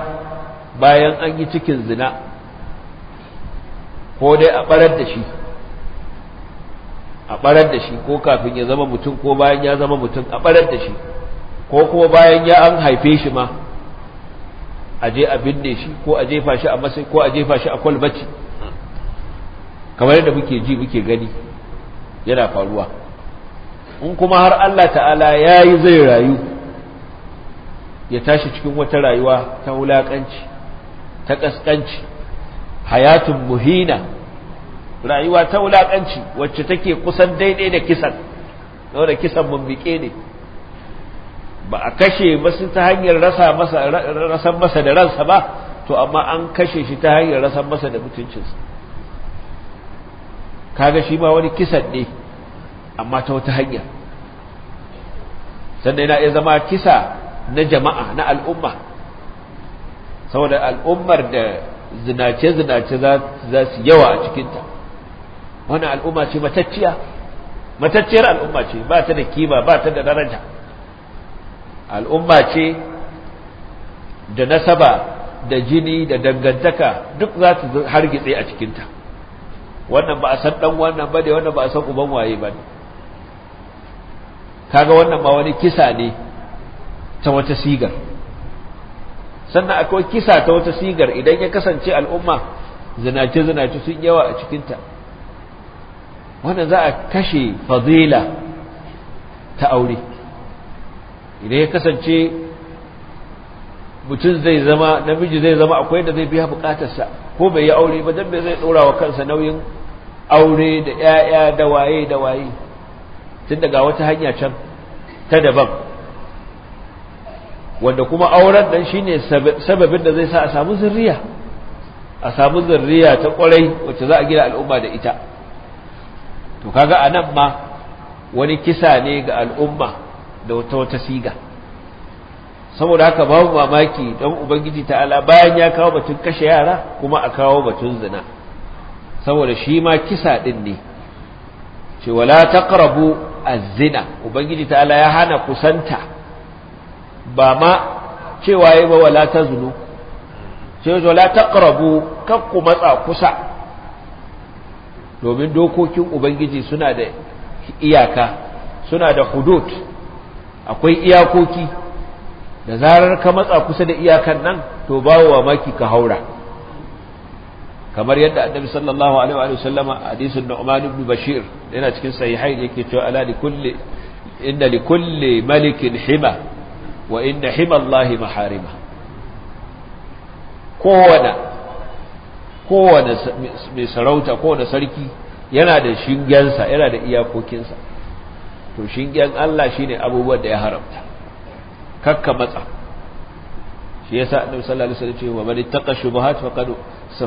bayan an yi cikin zina ko dai a ɓarar da shi a ɓarar da shi ko kafin ya zama mutum ko bayan ya zama mutum a ɓarar da shi ko kuma bayan ya an haife shi ma a je a binne shi ko a jefa shi a masai ko a jefa shi a kwalbaci kamar yadda muke ji muke gani yana faruwa in kuma har Allah ta'ala ya yi zai rayu ya tashi cikin wata rayuwa ta wulaƙanci ta ƙasƙanci hayatun muhina rayuwa ta wulaƙanci wacce take kusan daidai da kisan da kisan mummike ne ba a kashe masu ta hanyar rasa masa rasan masa da ransa ba to amma an kashe shi ta hanyar rasa masa da mutuncinsa kaga shi ma wani kisan ne amma ta wata hanya sannan yana iya zama kisa na jama'a na al'umma saboda al'ummar da zinace-zinace za su yawa a cikinta wani al'umma ce matacciya matacciyar al'umma ce ba ta da kima ba ta da daraja al'umma ce da nasaba da jini da dangantaka duk za su hargitse a cikinta wannan ba a san ɗan wannan ba da wannan ba a san uban waye ba kaga wannan ma wani kisa ne ta wata sigar sannan akwai kisa ta wata sigar idan ya kasance al'umma zinace-zinace sun yawa a cikinta wannan za a kashe fazila ta aure idan ya kasance mutum zai zama namiji zai zama akwai da zai biya bukatarsa ko bai yi aure ba don bai zai dora wa kansa nauyin aure da 'ya'ya da waye da waye tun daga wata hanya can ta daban wanda kuma auren dan shine sababin da zai sa a samu zurriya a samu zurriya ta kwarai wacce za a gina al'umma da ita to kaga anan ma wani kisa ne ga al'umma da wata siga saboda haka babu mamaki don ubangiji ta'ala bayan ya kawo batun kashe yara kuma a kawo batun zina saboda shi ma kisa din ne ce wala taqrabu a zina ubangiji ta'ala ya hana kusanta ba ma cewa yi ba wala zunu ce wala taqrabu kan matsa kusa domin dokokin ubangiji suna da iyaka suna da hudud akwai iyakoki da zarar ka matsa kusa da iyakan nan to bawo wa maki ka haura kamar yadda annabi sallallahu alaihi wa sallama hadisin Nu'man ibn Bashir yana cikin sahihain yake cewa ala likulli inna likulli malikin hima wa inna hima Allah maharima kowane kowane mai sarauta kowane sarki yana da shingensa yana da iyakokinsa to shingen Allah shi ne abubuwan da ya haramta kakka matsa shi ya sa annabi sallallahu alaihi wasallam ce wa man ittaqa shubuhat faqad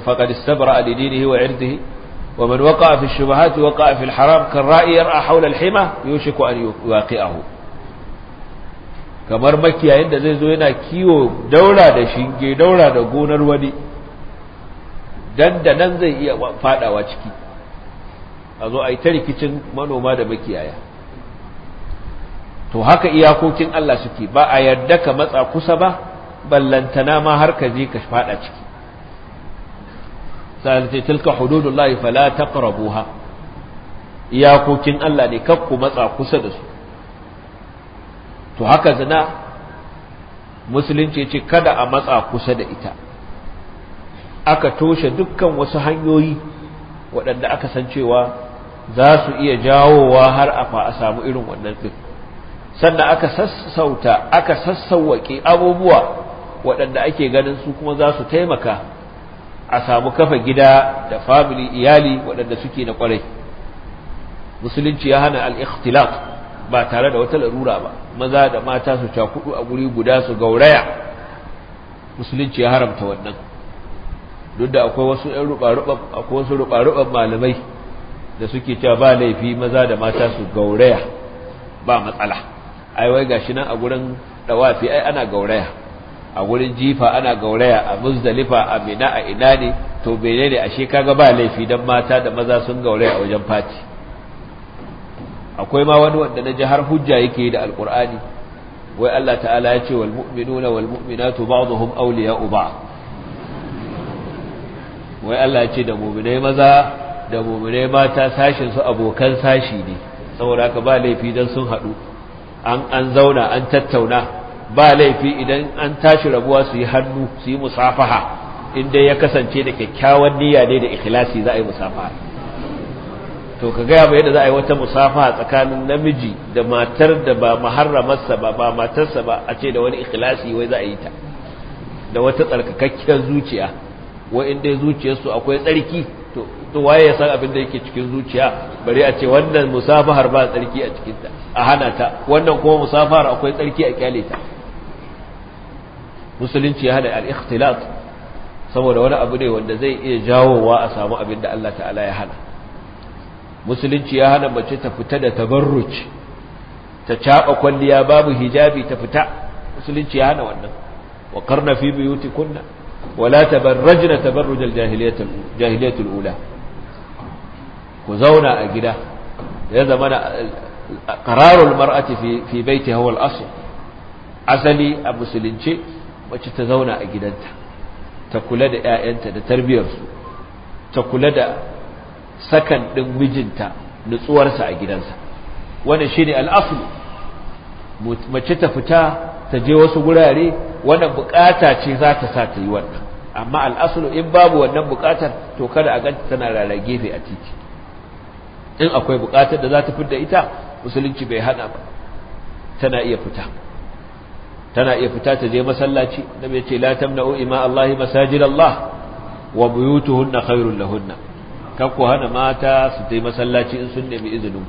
faqad istabra li dinihi wa irdihi wa man waqa'a fi shubuhat waqa'a fi al-haram kan ra'i yar'a hawla al-hima yushiku an yuwaqi'ahu kamar makiyayin da zai zo yana kiwo daura da shinge daura da gonar wani dan da nan zai iya fadawa ciki a zo a yi ta rikicin manoma da makiyaya to haka iyakokin Allah suke ba a yarda ka matsa kusa ba ballantana ma har ka je ka fada ciki sai tilka hududullahi fala taqrabuha iyakokin Allah ne kar ku matsa kusa da su to haka zina musulunci ce kada a matsa kusa da ita aka toshe dukkan wasu hanyoyi waɗanda aka san cewa za su iya jawowa har a fa a samu irin wannan ɗin sannan aka sassauta aka sassauwaƙe abubuwa waɗanda ake ganin su kuma za su taimaka a samu kafa gida da family iyali waɗanda suke na ƙwarai musulunci ya hana al ba tare da wata larura ba maza da mata su cakudu a guri guda su gauraya musulunci ya haramta wannan duk da akwai wasu 'yan ruɓa malamai da suke cewa ba laifi maza da mata su gauraya ba matsala ai wai gashi nan a gurin dawafi ai ana gauraya a gurin jifa ana gauraya a muzdalifa a mina a ina ne to menene ashe kaga ba laifi dan mata da maza sun gauraya a wajen fati akwai ma wani wanda ji har hujja yake da alqur'ani wai Allah ta'ala ya ce wal mu'minuna wal mu'minatu ba'dhum awliya'u ba'd wai Allah ce da mu'minai maza da mu'minai mata sashin su abokan sashi ne saboda ka ba laifi dan sun haɗu an zauna an tattauna ba laifi idan an tashi rabuwa su yi hannu su yi musafaha inda ya kasance da kyakkyawan niyya ne da ikhlasi za a yi musafaha to ka gaya ba yadda za a yi wata musafaha tsakanin namiji da matar da ba maharramarsa ba ba matarsa ba a ce da wani ikhlasi wai za a yi ta da wata tsarkakakkiyar zuciya wai inda zuciyarsu akwai tsarki to waye ya san abin da yake cikin zuciya bari a ce wannan musafahar ba tsarki a cikinta a hana ta wannan kuma musafahar akwai tsarki a kyale ta musulunci ya hana al-ikhtilat saboda wani abu ne wanda zai iya jawowa a samu abin da Allah ta'ala ya hana musulunci ya hana mace ta fita da tabarruj ta caba kwalliya babu hijabi ta fita musulunci ya hana wannan wa qarna fi buyutikunna ولا تبرجن تبرج الجاهلية الأولى ku zauna a gida ya zama na ƙararar mar'ati fi baiti huwa al asali a musulunce wacce ta zauna a gidanta ta kula da 'ya'yanta da tarbiyarsu ta kula da sakan ɗin mijinta nutsuwarsa a gidansa wannan ne. al'aslu mace ta fita ta je wasu gurare wannan bukata ce za ta sa ta yi wannan amma al'aslu in babu wannan bukatar to kada a ganta tana rara gefe a titi in akwai bukatar da za ta fidda ita musulunci bai hana ba tana iya fita tana iya fita ta je masallaci da bai ce la tamna'u ima Allah masajid Allah wa buyutuhunna khairul lahunna kan ku hana mata su je masallaci in sun nemi izinin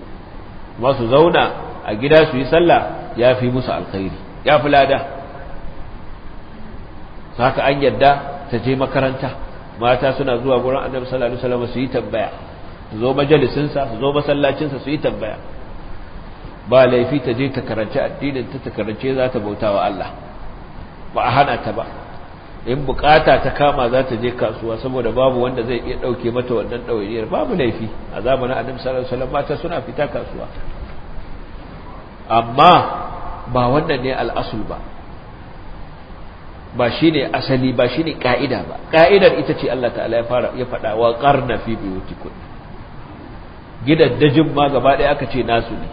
kuma su zauna a gida su yi sallah ya fi musu alkhairi ya fi lada saka an yadda ta je makaranta mata suna zuwa gurin annabi sallallahu alaihi wasallam su yi tambaya su zo majalisinsa su zo masallacinsa su yi tambaya ba laifi ta je ta karanci addinin ta ta karanci za ta bauta wa Allah ba a hana ta ba in bukata ta kama za ta je kasuwa saboda babu wanda zai iya dauke mata wannan dawainiyar babu laifi a zamanin annabi sallallahu alaihi wasallam mata suna fita kasuwa amma ba wannan ne al'asul ba ba shine asali ba shine ka'ida ba ka'idar ita ce Allah ta'ala ya fara ya fada wa qarna fi gidaddajin ma gaba ɗaya aka ce nasu ne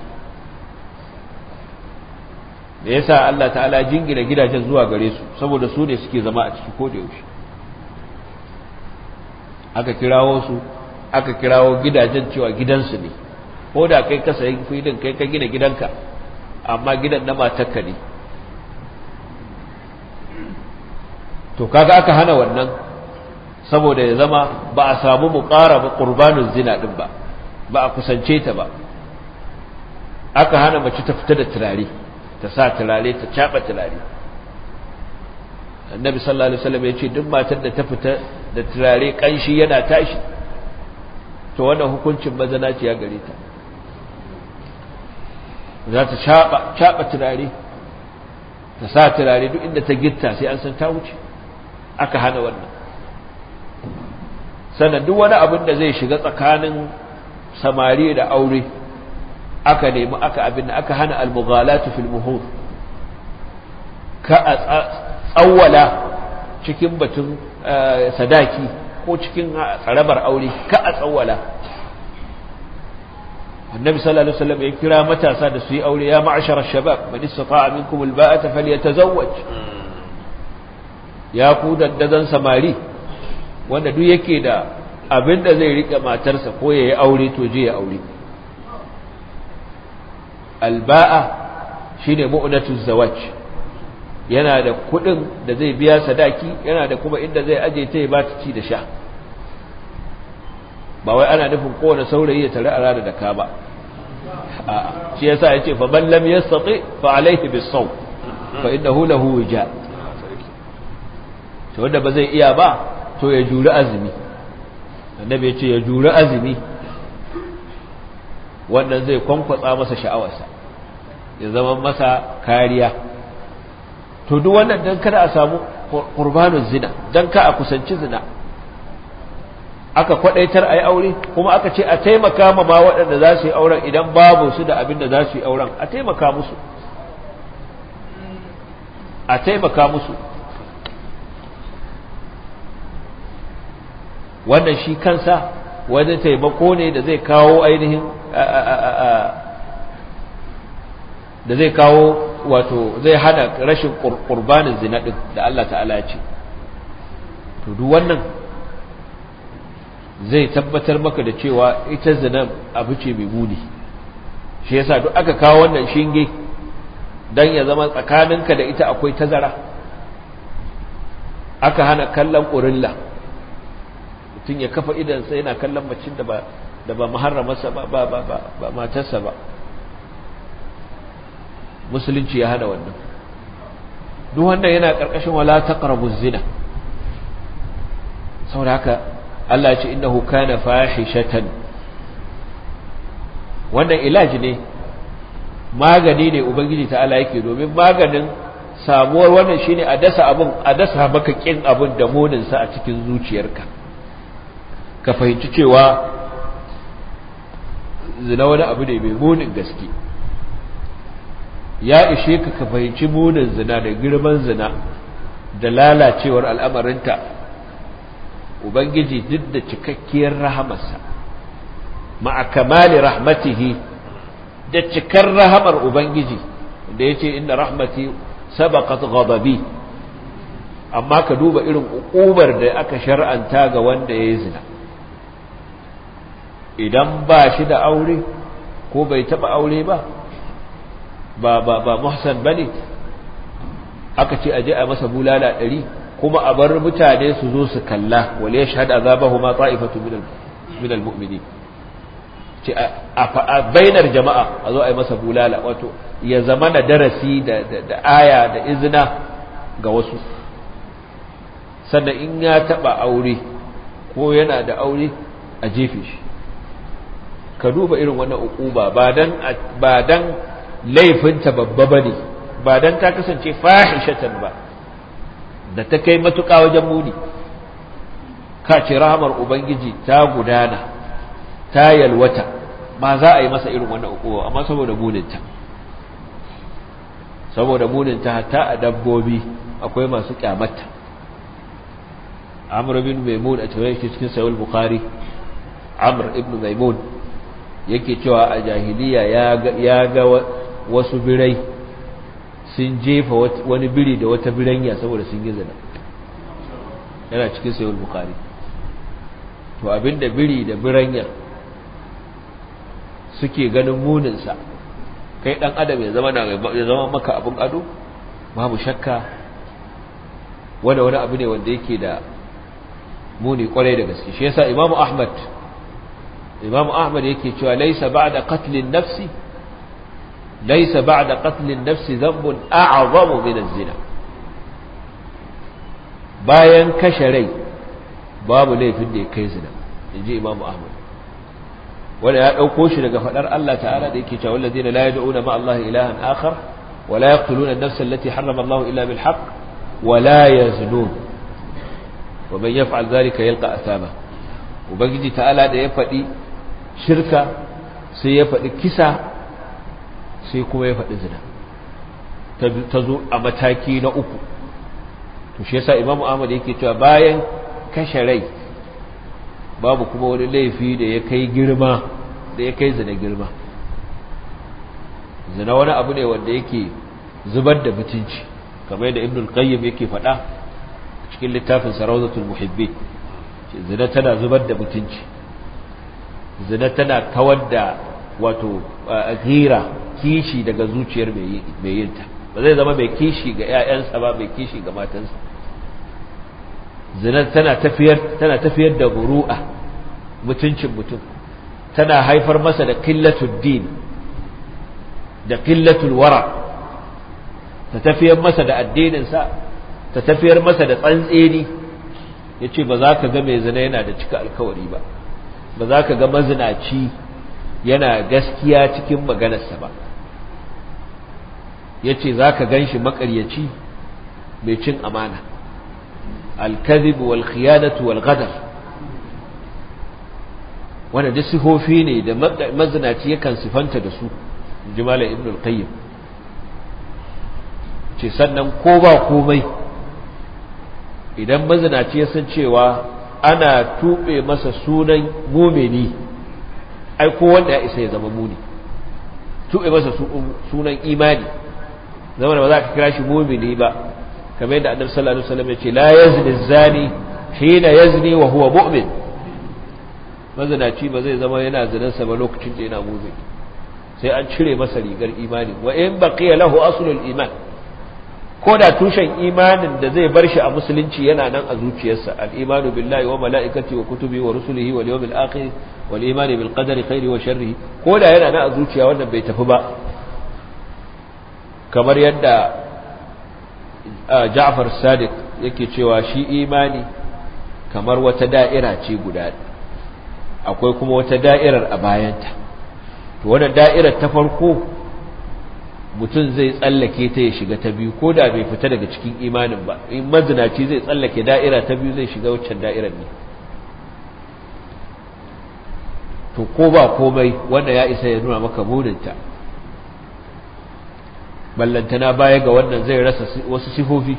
da yasa Allah ta'ala jingina gidajen zuwa gare su saboda su ne suke zama a ciki koda yaushe aka kirawo su aka kirawo gidajen cewa gidansu ne ko da kai ka sayi fidin kai ka gina gidanka amma gidan na matarka ne to kaga aka hana wannan saboda ya zama ba a samu ƙara ba ƙurbanin zina ɗin ba ba a kusance ta ba aka hana mace ta fita da turare ta sa turare ta caɓa turare annabi sallallahu alaihi wasallam ya ce duk matar da ta fita da turare kanshi yana tashi to wannan hukuncin mazana ce ya gare ta za ta caɓa caba turare ta sa turare duk inda ta gitta sai an san ta wuce aka hana wannan sannan duk wani abin da zai shiga tsakanin samari da aure aka nemi aka abin aka hana al-mughalatu fil muhur ka a tsawwala cikin batun eh, sadaki ko cikin tsarabar aure ka a tsawwala annabi sallallahu alaihi wasallam ya kira matasa da su yi aure ya ma'ashara shabab man istata'a minkum alba'ata falyatazawwaj hmm. ya ku daddazan samari wanda duk yake da Abin da zai rike matarsa ko ya yi aure to je ya aure alba'a shine mu'natu zawaj yana da kudin da zai biya sadaki yana da kuma inda zai aje ta ya bata ci da sha ba wai ana nufin kowane saurayi ya tare a rana da ka ba shi yasa yace fa man lam yastati fa alayhi bis sau. fa innahu lahu wija to wanda ba zai iya ba to ya juri azumi annabi ya ce ya juri azumi wannan zai kwankwatsa masa sha'awarsa ya zama masa kariya to duk wannan don kada a samu kurbanun zina don ka a kusanci zina aka kwadaitar a yi aure kuma aka ce a taimaka ma ba waɗanda za su yi auren idan babu su da abin da za su yi auren a taimaka musu a taimaka musu wannan shi kansa wani taimako ne da zai kawo ainihin da zai kawo wato zai hada rashin ƙurbanin zina din da Allah ta'ala ya ce to duk wannan zai tabbatar maka da cewa ita zina abu ce mai muni shi yasa duk aka kawo wannan shinge dan ya zama tsakaninka da ita akwai tazara aka hana kallon kurilla tun ya kafa idansa yana kallon macin da ba da ba muharramarsa ba ba ba ba matarsa ba musulunci ya hada wannan duk wannan yana karkashin wala taqrabu zina saboda haka Allah ya ce innahu kana fahishatan wannan ilaji ne magani ne ubangiji Allah yake domin maganin samuwar wannan shine a dasa abun a dasa maka kin abun da muninsa a cikin zuciyarka ka fahimci cewa zina wani abu ne mai munin gaske ya ishe ka ka fahimci munin zina da girman zina da lalacewar al'amarinta ubangiji duk da cikakkiyar rahamarsa ma'a kamali rahmatihi da cikar rahamar ubangiji da ya ce inda rahmati sabaqat gababi, amma ka duba irin ƙubar da aka shar'anta ga wanda ya yi zina idan ba shi da aure ko bai taba aure ba ba ba ba muhsan bane aka ce aje a masa bulala ɗari kuma a bar mutane su zo su kalla wale shahad ma ta'ifatu min min almu'minin ce a bainar jama'a a zo a yi masa bulala wato ya zama na darasi da aya da izina ga wasu sannan in ya taba aure ko yana da aure a jefe shi ka duba irin wannan uquba ba dan ba dan laifinta babba bane ba dan ta kasance fahishatan ba da ta kai matuƙa wajen muni ka ce rahamar ubangiji ta gudana ta yalwata ma za a yi masa irin wannan uquba amma saboda muninta saboda muninta hatta a dabbobi akwai masu kyamata amr bin maimun a cikin Sayyid bukhari amr ibn maimun yake cewa a jahiliya ya ga wasu birai sun jefa wani biri da wata biranya saboda sun yi zina yana cikin sayar bukari to abinda biri da biranyar suke ganin muninsa kai dan adam ya zama ya zama maka abin ado babu shakka wanda wani abu ne wanda yake da muni kwarai da gaske shi yasa imamu ahmad imam ahmad yake cewa laisa ba'da qatlin nafsi laisa ba'da qatlin nafsi dhanbun a'zamu min az-zina bayan kashe rai babu laifin da ya kai zina inji imam ahmad wanda ya dauko shi daga fadar Allah ta'ala da yake cewa wallazina la yad'una ma Allah ilahan akhar wa la yaqtuluna an-nafsa allati harrama Allah illa bil haqq wa la yaznun wa man yaf'al dhalika yalqa athama ubangiji ta'ala da ya faɗi shirka sai ya faɗi kisa sai kuma ya faɗi zina ta zo a mataki na uku to shi yasa imamu ahmad yake cewa bayan kashe rai babu kuma wani laifi da ya kai girma da ya kai zina girma zina wani abu ne wanda yake zubar da mutunci kamar da ibnul qayyim yake faɗa cikin littafin sarauzatul muhibbi zina tana zubar da mutunci zina tana kawar da wato eh, hira, kishi daga zuciyar mai yinta ba zai zama mai kishi ga 'ya'yansa ba mai kishi ga matansa zina tana tafiyar da buru'a mutuncin mutum tana haifar masa da killatul din da killatul wara ta tafiyar masa da addininsa ta tafiyar masa da tsantseni ya ce ba za ka ga mai zina yana da cika alkawari ba ba za ka ga mazinaci yana gaskiya cikin maganarsa ba ya ce za ka gan shi makaryaci mai cin amana alkazibu walkhiyanatu khiyanatu wal gadar wanda hofi ne da mazinaci yakan sifanta da su jimala ibn al ce sannan ko ba komai idan mazinaci ya san cewa ana tuɓe masa sunan mumini ai ko wanda ya isa ya zama muni tuɓe masa sunan imani zama da ba za ka kira shi mumini ba kamar yadda annabi sallallahu alaihi wasallam ya ce la yazni zani hina yazni wa huwa mu'min mazinaci ba zai zama yana sa ba lokacin da yana mumini sai an cire masa rigar imani wa in baqiya lahu aslul iman ko da tushen imanin da zai bar shi a musulunci yana nan a zuciyarsa al-imanu billahi wa mala'ikati wa kutubi wa rusulihi wa yawmil akhir wal imani bil qadari khairi wa sharri ko da yana nan a zuciya wannan bai tafi ba kamar yadda Ja'far Sadiq yake cewa shi imani kamar wata da'ira ce guda akwai kuma wata da'irar a bayanta to wannan da'irar ta farko mutum zai tsallake ta ya shiga ta biyu ko da bai fita daga cikin imanin ba in mazinaci zai tsallake da'ira ta biyu zai shiga waccan da'irar ne to ko ba komai wanda ya isa ya nuna maka burinta ballantana baya ga wannan zai rasa wasu sifofi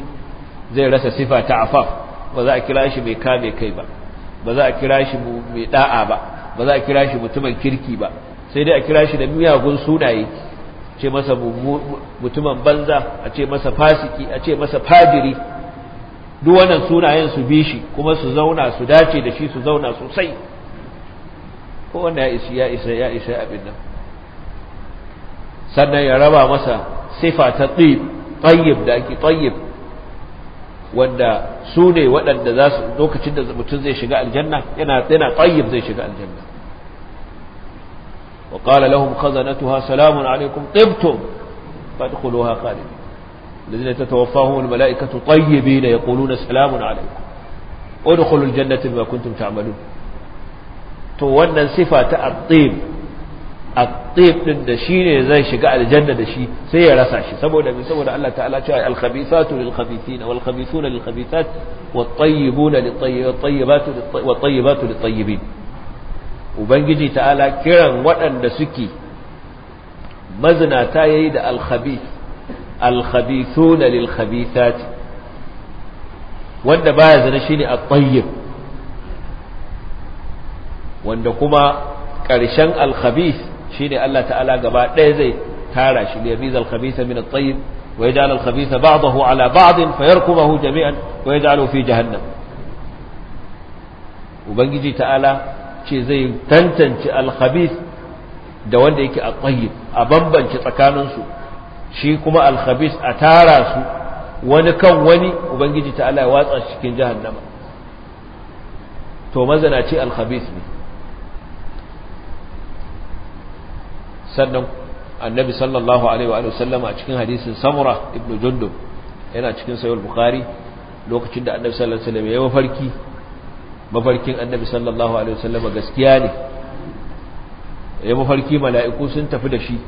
zai rasa sifa ta afaf ba za a kira shi mai kame kai ba ba za a kira shi mai da'a ba ba za a kira shi mutumin kirki ba sai dai a kira shi da miyagun sunaye ce masa mutumin banza a ce masa fasiki a ce masa fajiri duk wannan sunayen su bi shi kuma su zauna su dace da shi su zauna sosai ko wanda ya isa ya isa ya isa abin nan sannan ya raba masa sifa ta tayyib da ake tayyib wanda su ne waɗanda za su lokacin da mutum zai shiga aljanna yana yana tayyib zai shiga aljanna وقال لهم خزنتها سلام عليكم طبتم فادخلوها خالدين الذين تتوفاهم الملائكة طيبين يقولون سلام عليكم ادخلوا الجنة بما كنتم تعملون to wannan sifa ta attib attib din da shine zai shiga aljanna da shi sai ya rasa shi saboda me saboda Allah ta'ala cewa al-khabithatu lil-khabithina wal-khabithuna ubangiji ta'ala kiran waɗanda suke mazinata ya yi da alkhabith alkhabithuna ce wanda baya zina ne a tayyib wanda kuma ƙarshen alkhabith ne Allah ta'ala gaba ɗaya zai tara shi ne bizal khabitha min at-tayyib wa yaj'al al-khabitha ba'dahu ala ba'd fayarkumahu jami'an wa yaj'alu fi jahannam ubangiji ta'ala ce zai tantance alkhabis da wanda yake a tsayyib a bambance tsakaninsu shi kuma alkhabis a tara su wani kan wani ubangiji ta Allah ya watsa cikin jahannama to mazanaci alkhabis ne sannan annabi sallallahu alaihi wa sallama a cikin hadisin samura Ibn jundub yana cikin sahih bukhari lokacin da annabi sallallahu alaihi wasallam ya yi mafarki mafarkin annabi sallallahu alaihi wasallam gaskiya ne ya mafarki mala'iku sun tafi da shi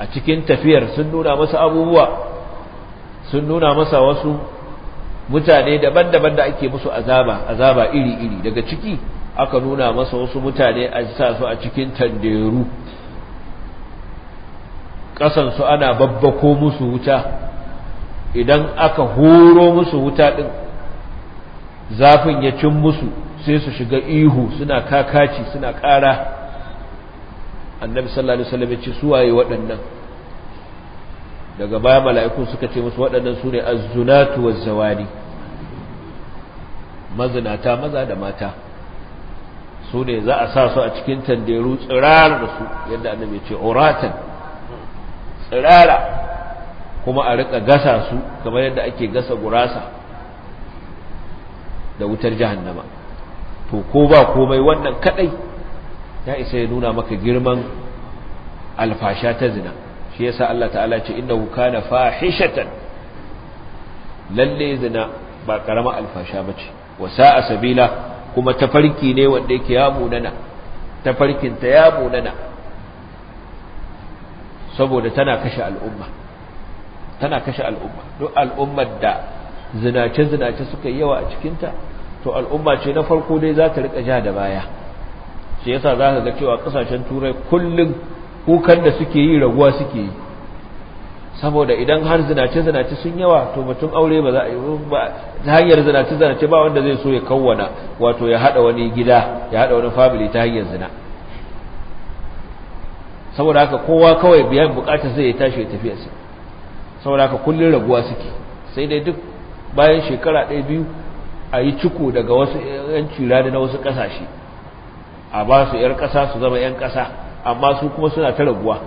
a cikin tafiyar sun nuna masa abubuwa sun nuna masa wasu mutane daban-daban da ake musu azaba azaba iri-iri daga ciki aka nuna masa wasu mutane a sa su a cikin tanderu su ana babbako musu wuta idan aka horo musu wuta din. zafin ya cin musu sai su shiga ihu suna kakaci suna ƙara annabi sallallahu alaihi wasallam ya ce su waye waɗannan daga baya mala'iku suka ce musu waɗannan su ne az-zunatu waz-zawani mazinata maza da mata su ne za a sa su a cikin tanderu tsirar da su yadda annabi ya ce uratan tsirara kuma a riƙa gasa su kamar yadda ake gasa gurasa da wutar jahannama to ko ba komai wannan kadai ya isa ya nuna maka girman alfasha ta zina shi yasa Allah ta'ala ce innahu kana fahishatan lalle zina ba karama alfasha bace wa sa'a sabila kuma tafarki ne wanda yake ya munana tafarkin ta ya munana saboda tana kashe al'umma tana kashe al'umma duk al'ummar da zinace-zinace suka yi yawa a cikinta to al'umma ce na farko dai za ta rika ja da baya shi yasa za ka ga cewa kasashen turai kullum kukan da suke yi raguwa suke yi saboda idan har zinace-zinace sun yawa to mutum aure ba za a yi ba ta hanyar zinace-zinace ba wanda zai so ya kawwana wato ya haɗa wani gida ya haɗa wani family ta hanyar zina saboda haka kowa kawai biyan bukatar zai tashi ya tafiya su saboda haka kullum raguwa suke sai dai duk bayan shekara ɗaya biyu a yi ciko daga wasu yanci rani na wasu ƙasashe a ba su 'yar ƙasa su zama 'yan ƙasa amma su kuma suna ta raguwa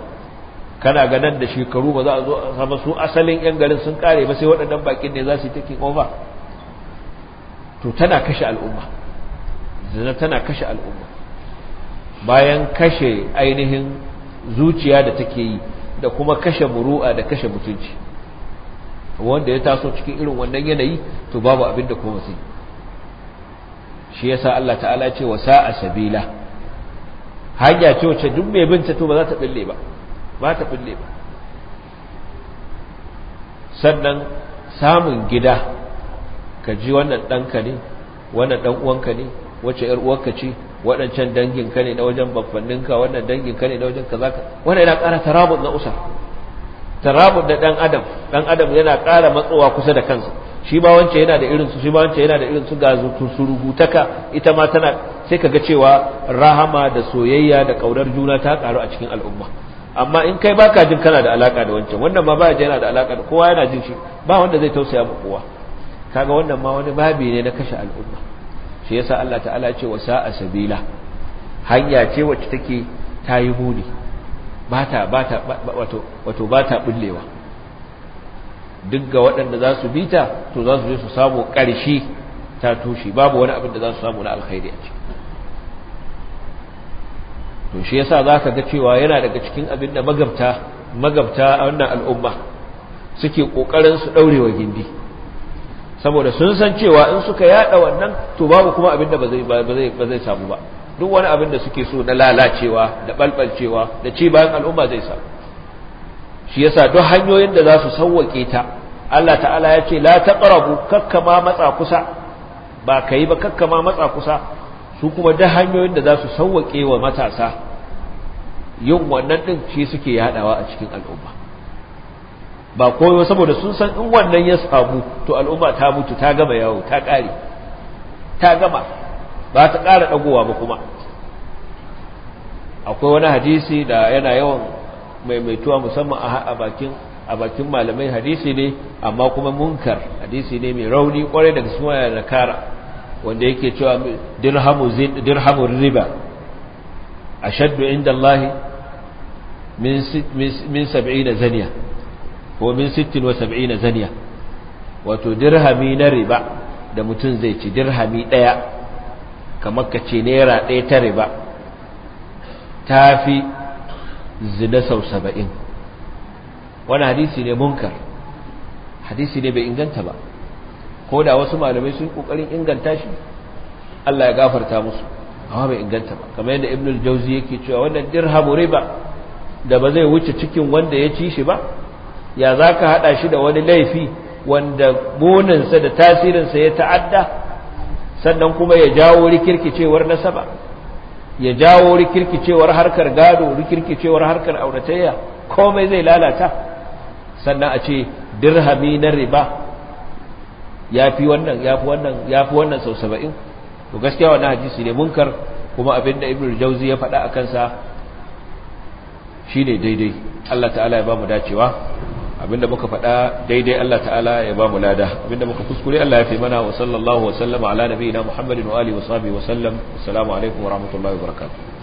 kana ga da shekaru ba za a zo a sama su asalin 'yan garin sun kare ba sai waɗannan baƙin ne za su yi take over to tana kashe al'umma zina tana kashe al'umma bayan kashe ainihin zuciya da take yi da kuma kashe muru'a da kashe mutunci wanda ya taso cikin irin wannan yanayi to babu abin da kuma sai shi yasa Allah ta'ala ya ce wa sa'a sabila hanya ce wacce duk mai binta to ba za ta bille ba ba ta bille ba sannan samun gida ka ji wannan ɗanka ne wannan ɗan uwanka ne wacce ‘yar uwanka ce waɗancan danginka ne na wajen babbanninka wannan danginka ne na wajen ka za ka wannan yana ƙara tarabun na usar Tarabun da dan adam dan adam yana ƙara matsowa kusa da kansa shi ba wance yana da irin su shi ba wance yana da irin su ga surutaka ita ma tana sai kaga cewa rahama da soyayya da kaunar juna ta karu a cikin al'umma amma in kai baka jin kana da alaka da wancan wannan ma baya yana da alaka da kowa yana jin shi ba wanda zai tausaya ma kowa kaga wannan ma wani babi ne na kashe al'umma shi yasa Allah ta'ala ce wasa a sabila hanya ce wacce take tayi muni Bata bata wato wato bata bullewa duk ga waɗanda za su bi ta to za su je su samu ƙarshe ta tushe babu wani abin da za su samu na alkhairi a ciki to shi yasa zaka ga cewa yana daga cikin abin da magabta magabta a wannan al'umma suke ƙoƙarin su wa gindi saboda sun san cewa in suka yada wannan to babu kuma abin da ba zai ba zai samu ba duk wani abin da suke so na lalacewa da balbalcewa da ce bayan al'umma zai sa shi yasa duk hanyoyin da za su sawwake ta Allah ta'ala ya ce la taqrabu kakkama matsa kusa ba kai ba kakkama matsa kusa su kuma duk hanyoyin da za su sawwake wa matasa yin wannan din shi suke yadawa a cikin al'umma ba koyo saboda sun san in wannan ya samu to al'umma ta mutu ta gama yawo ta kare ta gama ba ta ƙara ɗagowa ba kuma akwai wani hadisi da yana yawan maimaituwa musamman a bakin malamai hadisi ne amma kuma munkar hadisi ne mai rauni kwarai daga suna da kara wanda yake cewa dirhamun riba a shaddu inda Allah min sab'i na zaniya ko min sittin wa sab'i na zaniya wato dirhami na riba da mutum zai ci dirhami ɗaya kamar ka ce naira ɗaya ta riba ta fi zina sau saba'in wani hadisi ne munkar hadisi ne bai inganta ba ko da wasu malamai sun ƙoƙarin inganta shi Allah ya gafarta musu amma bai inganta ba kamar yadda ibnul jauzi yake cewa wannan dirhamu riba da ba zai wuce cikin wanda ya ci shi ba ya zaka hada shi da wani laifi wanda bonansa da tasirinsa ya ta'adda sannan kuma ya jawo rikirkicewar nasaba ya jawo rikirkicewar harkar gado rikirkicewar harkar auratayya komai zai lalata sannan a ce dirhami na riba ya fi wannan ya fi wannan ya fi wannan sau saba'in to gaskiya wannan hadisi ne munkar kuma abinda ibnu jauzi ya faɗa a kansa shine daidai Allah ta'ala ya ba mu dacewa abinda muka faɗa daidai Allah ta'ala ya ba mu lada abinda muka kuskure Allah ya fi mana wa sallallahu wa sallama ala nabiyina Muhammadin wa alihi wa sahbihi wa sallam assalamu alaikum wa rahmatullahi wa barakatuh